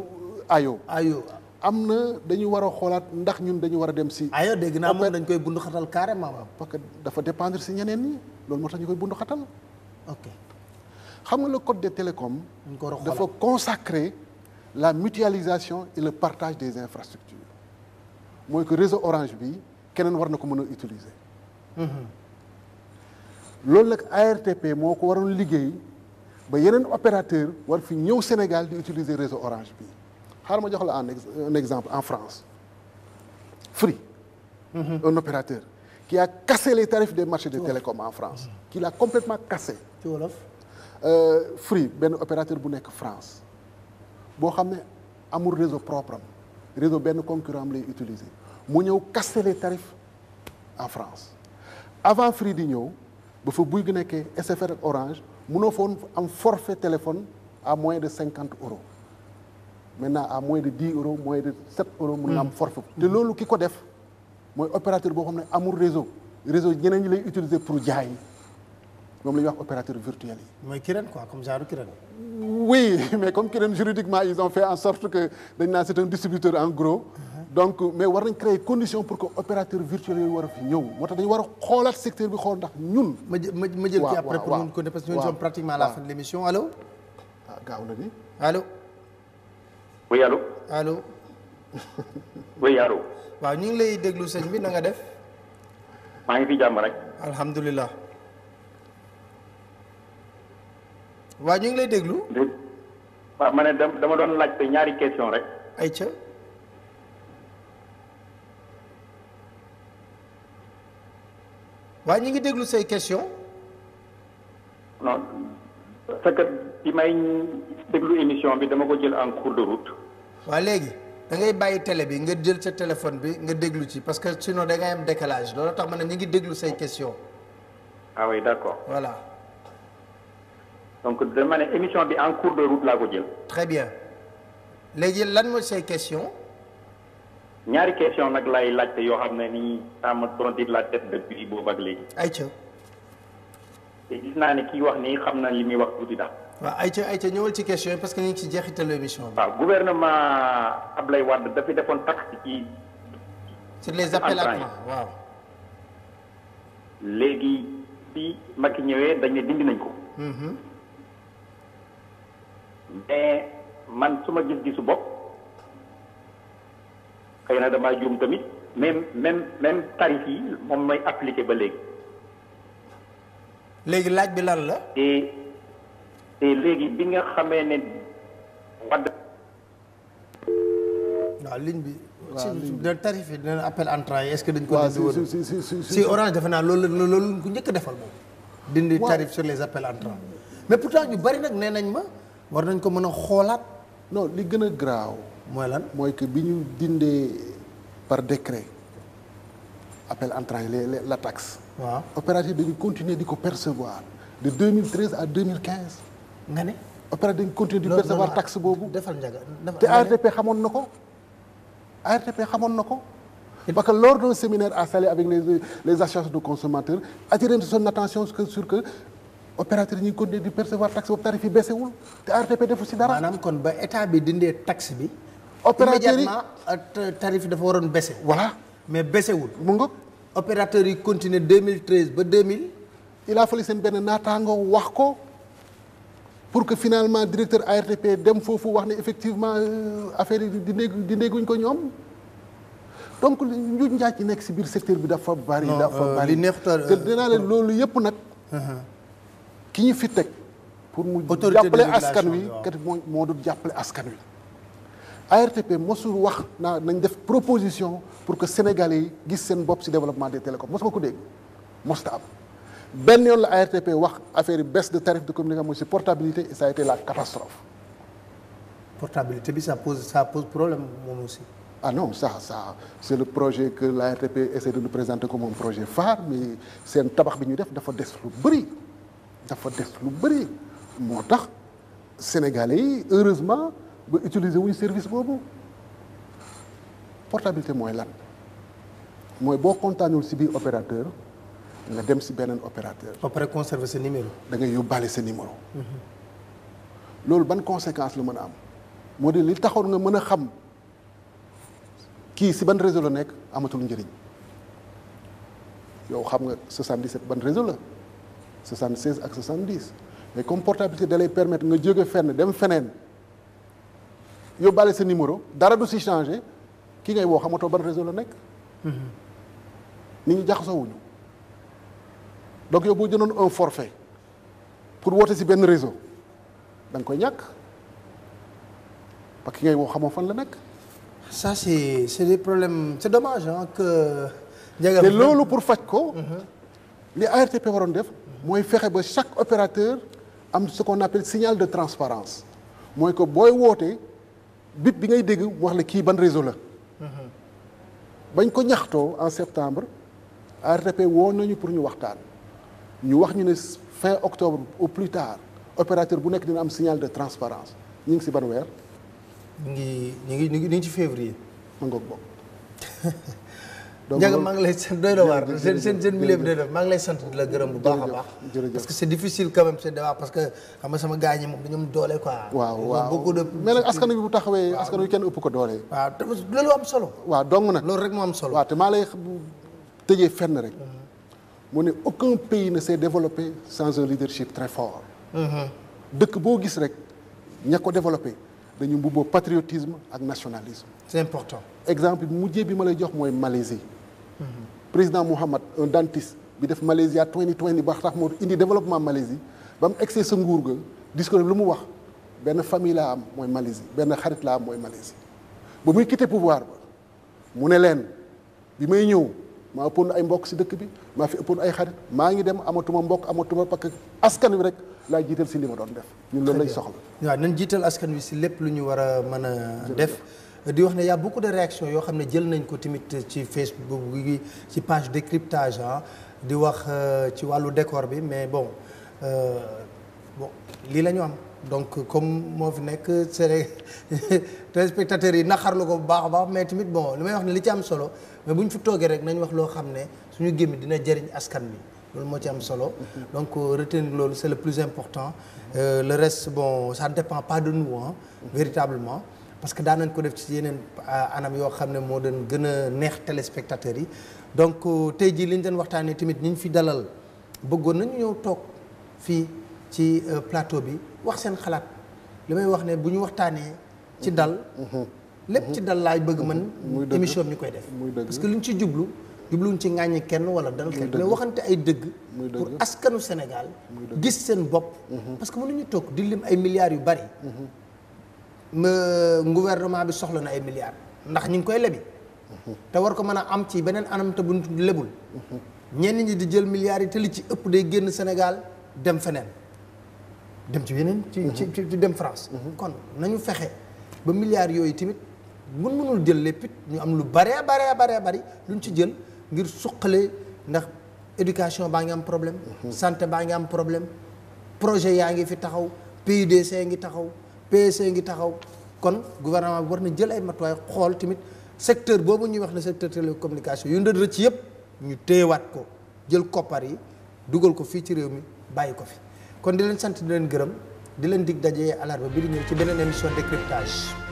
Ayo Ayo. am na dañu war a xoolaat ndax ñun dañu war a dem si. aywa dégg naa moom dañ koy bund xatal carrément. parce que dafa dépendre si ñeneen ñi loolu moo tax ñu koy bund xatal. ok xam nga le code des télécoms. dafa consacrer la mutualisation et le partage des infrastructures mooy que réseau orange bi keneen war na ko mën a utiliser. Mhm. loolu nag ARTP moo ko waroon liggéey ba yeneen opérateur war fi ñëw Sénégal di utiliser réseau orange bi. xaaral ma jox la un exemple en France fri Mmh. un opérateur qui a cassé les tarifs des marchés de télécom en France. Mhm. qui l'a complètement cassé. ci wolof. Euh, Free benn opérateur bu nekk France boo xam ne amul réseau propre am réseau benn concurrent am lay utiliser mu ñëw casser les tarifs en France avant Free di ñëw ba fa buy nekkee SFR ak Orange mënoo foon am forfait téléphone à moins de cinquante euros. maintenant à moins de 10 euros moins de 7 euros mun na am mm. te loolu ki ko def mooy opérateur boo xam ne amul réseau réseau ñeneen ñi lay utiliser pour jaay moom la ñuy wax opérateur virtuel yi. mooy Kirène quoi comme genre Kirène. oui mais comme Kirène juridiquement ils ont fait en sorte que dañ naan c'est un distributeur en gros. Uh-huh. donc mais war nañ créer condition pour que opérateur virtuel yooyu war a fi ñëw moo tax dañu war a xoolaat secteur bi xool ndax ñun. ma ma ma jël ci après pour mun ko parce oui allo. allo. oui allo. waaw ñu ngi lay déglu sëñ bi na nga def. maa ngi fi jàmm rek. alhamdulilah. waaw ñu ngi lay déglu. dégg ma ne dama doon laajte ñaari question rek. ay ca. waaw ñu ngi déglu say question non parce que may déglu émission bi dama ko jël en cours de route. waaw léegi da ngay bàyyi télé bi nga jël sa téléphone bi nga déglu ci parce que sinon da ngay am décalage loolu tax ma ne ñu ngi déglu say question ah oui d'accord voilà. donc dama ne émission bi en cours de route laa ko jël. très bien léegi lan mooy say question ñaari question nag lay laajte yoo xam ne nii ça m'a trotté la tête boobu ak léegi. ayca. te gis naa ne kii wax nii xam na li muy wax tuuti daal. waaw ayca ayca ñëwal ci question yi parce que ñu ngi ci jeexitalu émission bi. waaw gouvernement Ablaye Wade dafi defoon taxe ci. sur les appels à waaw. léegi bi Macky ñëwee dañ dindi nañ ko. Mhm. mais man su ma gis-gisu bopp xëy na damaa juum tamit même même même tarif yi moom mooy appliqué ba léegi. léegi laaj bi lan la. te léegi bi nga xamee ne wadd waaw bi. waaw ligne bi tarif yi dinañ appel entrant yi est-ce que dañ ko. waaw si si si si si orange defe naa loolu la loolu ku njëkk defal moom. dindi tarif sur les appels entrants. mais pourtant ñu bari nag nee nañ ma war nañ ko mën a xoolaat. non li gën a graaw. mooy lan mooy que bi ñu dindee par décret appel entrant yi la taxe. waaw opérateur dañu continuer di ko percevoir de 2013 à 2015. nga ne. ba pare dañ continuer di percevoir taxe boobu. te ARTP xamoon na ko. ARTP xamoon na ko. parce que lors d'un séminaire à Salé avec les les associations de consommateurs attiré son attention sur que opérateur yi ñu ngi continuer di percevoir taxe boobu tarif yi baissé wul te ARTP defu si dara. maanaam kon ba état bi dindee taxe bi. opérateur yi immédiatement euh, tarif dafa waroon baissé. voilà mais baissé wul. mu nga opérateur yi continuer 2013 ba 2000. il a fallu seen benn naataango wax ko. pour que finalement directeur ARTP dem foofu wax ne effectivement euh, affaire yi di dégg di dégguñ ko ñoom donc njuuj njaaj yi nekk si biir secteur bi dafa bari dafa euh, bari te dinaa leen euh, loolu yëpp nag uh-huh. ki ñu fi teg pour mu jàppale askan wi kat moo moo dul jàppale askan wi ARTP mosul wax naa nañ def proposition pour que sénégal yi gis seen bopp si développement des télécoms mos nga ko dégg mosta am benn yoon la ARTP wax affaire yi baisse de tarif de communication mooy si portabilité et ça a été la catastrophe. portabilité bi ça pose ça pose problème moom aussi. ah non ça ça c' est le projet que la RTP essaie de nous présenter comme un projet phare mais seen tabax bi ñu def dafa des lu bëri dafa des lu bëri moo tax sénégalais yi heureusement ba utiliser wuñ service boobu portabilité mooy lan mooy boo kontaanul si biir opérateur. nga dem si beneen opérateur. ba pare conserver sa numéro. da ngay yóbbaale sa numéro. Mm-hmm. loolu ban conséquence la mën a am moo di li taxoon nga mën a xam kii si ban réseau la nekk amatul njëriñ yow xam nga 77 ban réseau la 76 ak 70 mais comme portabilité da lay permettre nga jóge fenn dem feneen yóbbaale sa numéro dara du si changé ki ngay woo xamatoo ban réseau la nekk. Mm-hmm. nit ñi jaxasoowuñu donc yow boo jëndoon un forfait pour woote si benn réseau da koy ñàkk parce que ngay woo xamoo fan la nekk. ça c'est c'est des problèmes c'est dommage hein que. loolu pour faj ko. Mhm. li ARTP waroon def. mooy fexe ba chaque opérateur am ce qu'on appelle signal de transparence mooy que booy wootee bip bi ngay dégg wax la kii ban réseau la. Mhm. bañ ko ñaxtoo en septembre ARTP woo nañu pour ñu waxtaan. ñu wax ñu ne fin octobre au plus tard opérateur bu nekk dina am signal de transparence ñu ngi si ban weer. ñu ngi ñu ngi ñu ngi ci février. ma ngoog bokk. donc maa ngi lay sant doy na waar seen seen lay sant di la gërëm bu baax a baax. parce que c' est difficile quand même seen débat parce que xam sama gars ñi moom dañoo doole quoi. waaw waaw beaucoup de. mais nag askan wi bu taxawee askan wi kenn ëpp ko doole. waaw te loolu am solo. waaw dong nag loolu rek moo am solo. waaw te maa lay tëjee fenn rek. Mm. mu ne aucun pays ne s'est développé sans un leadership très fort mm-hmm. dëkk boo gis rek ña ko développé dañu mbubboo patriotisme ak nationalisme c'est important exemple bi mujjee bi ma lay jox mooy Malaisie mm président Mohamed un dentiste bi def Malaysia 2020 ba tax moo indi développement Malaisie ba mu egsee sa nguur ga discours lu mu wax benn famille laa am mooy Malaisie benn xarit laa am mooy Malaisie ba muy quitté pouvoir ba mu ne leen bi may ñëw maa ëppoon ay mbokk si dëkk bi maa fi ëppoon ay xarit maa ngi dem amatuma mbokk amatuma parce que askan wi rek laa jiital si li ma doon def ñun loolu lañ soxla waaw nañ jiital askan wi si lépp lu ñu war a mën a def di wax ne y' a beaucoup de réactions yoo xam ne jël nañ ko tamit ci Facebook bi ci page décryptage ah di wax euh, ci wàllu décor bi mais bon euh, bon lii la am donc comme moo fi nekk c'est téléspectateurs yi naqarlu ko bu baax a baax mais tamit bon li may wax ne li ci am solo mais bu ñu fi toogee rek nañu wax loo xam ne suñu gémmi dina jariñ askan bi loolu moo ci am solo donc euh, retenir loolu c'est le plus important euh, le reste bon ça ne dépend pas de nous véritablement parce que daan nañ ko def ci yeneen euh, anam yoo xam ne moo doon gën a neex téléspectateurs yi donc euh, tey jii li ñu doon waxtaanee tamit ñi ñu fi dalal bëggoon nañu ñëw toog fii ci plateau bi wax seen xalaat li may wax ne bu ñu waxtaanee ci dal mhm. lépp ci dal laay bëgg man mhm. émission ñu koy def parce lu ñu ci jublu jubluñ ci ŋàññi kenn wala dal kenn mais waxante ay dëgg pour askanu Sénégal gis seen bopp mhm. parce que mënuñu toog di lim ay milliards yu bari ma gouvernement bi soxla na ay milliards ndax ñu ngi koy lebi te war ko mën a am ci beneen anam te bu lebul ñenn ñi di jël milliards yi te li ci ëpp day génn senegal dem feneen dem ci yeneen. ci ci ci dem France. Mhm. kon nañu fexe ba milliards yooyu tamit mun mënul jël lépp it ñu am lu bare bare bare bari luñ ci jël ngir suqale ndax éducation baa ngi am problème. Mhm. santé baa ngi am problème. projet yaa ngi fi taxaw PUDC ngi taxaw PSC ngi taxaw kon gouvernement bi war na jël ay matuwaay xool tamit secteur boobu ñuy wax ne secteur télécommunication yu ndër rëcc yëpp ñu téyewaat ko jël koppar yi dugal ko fii ci réew mi bàyyi ko fi. kon di leen sant di leen gërëm di leen dig daje àllarba bi di ñëw ci beneen émission décryptage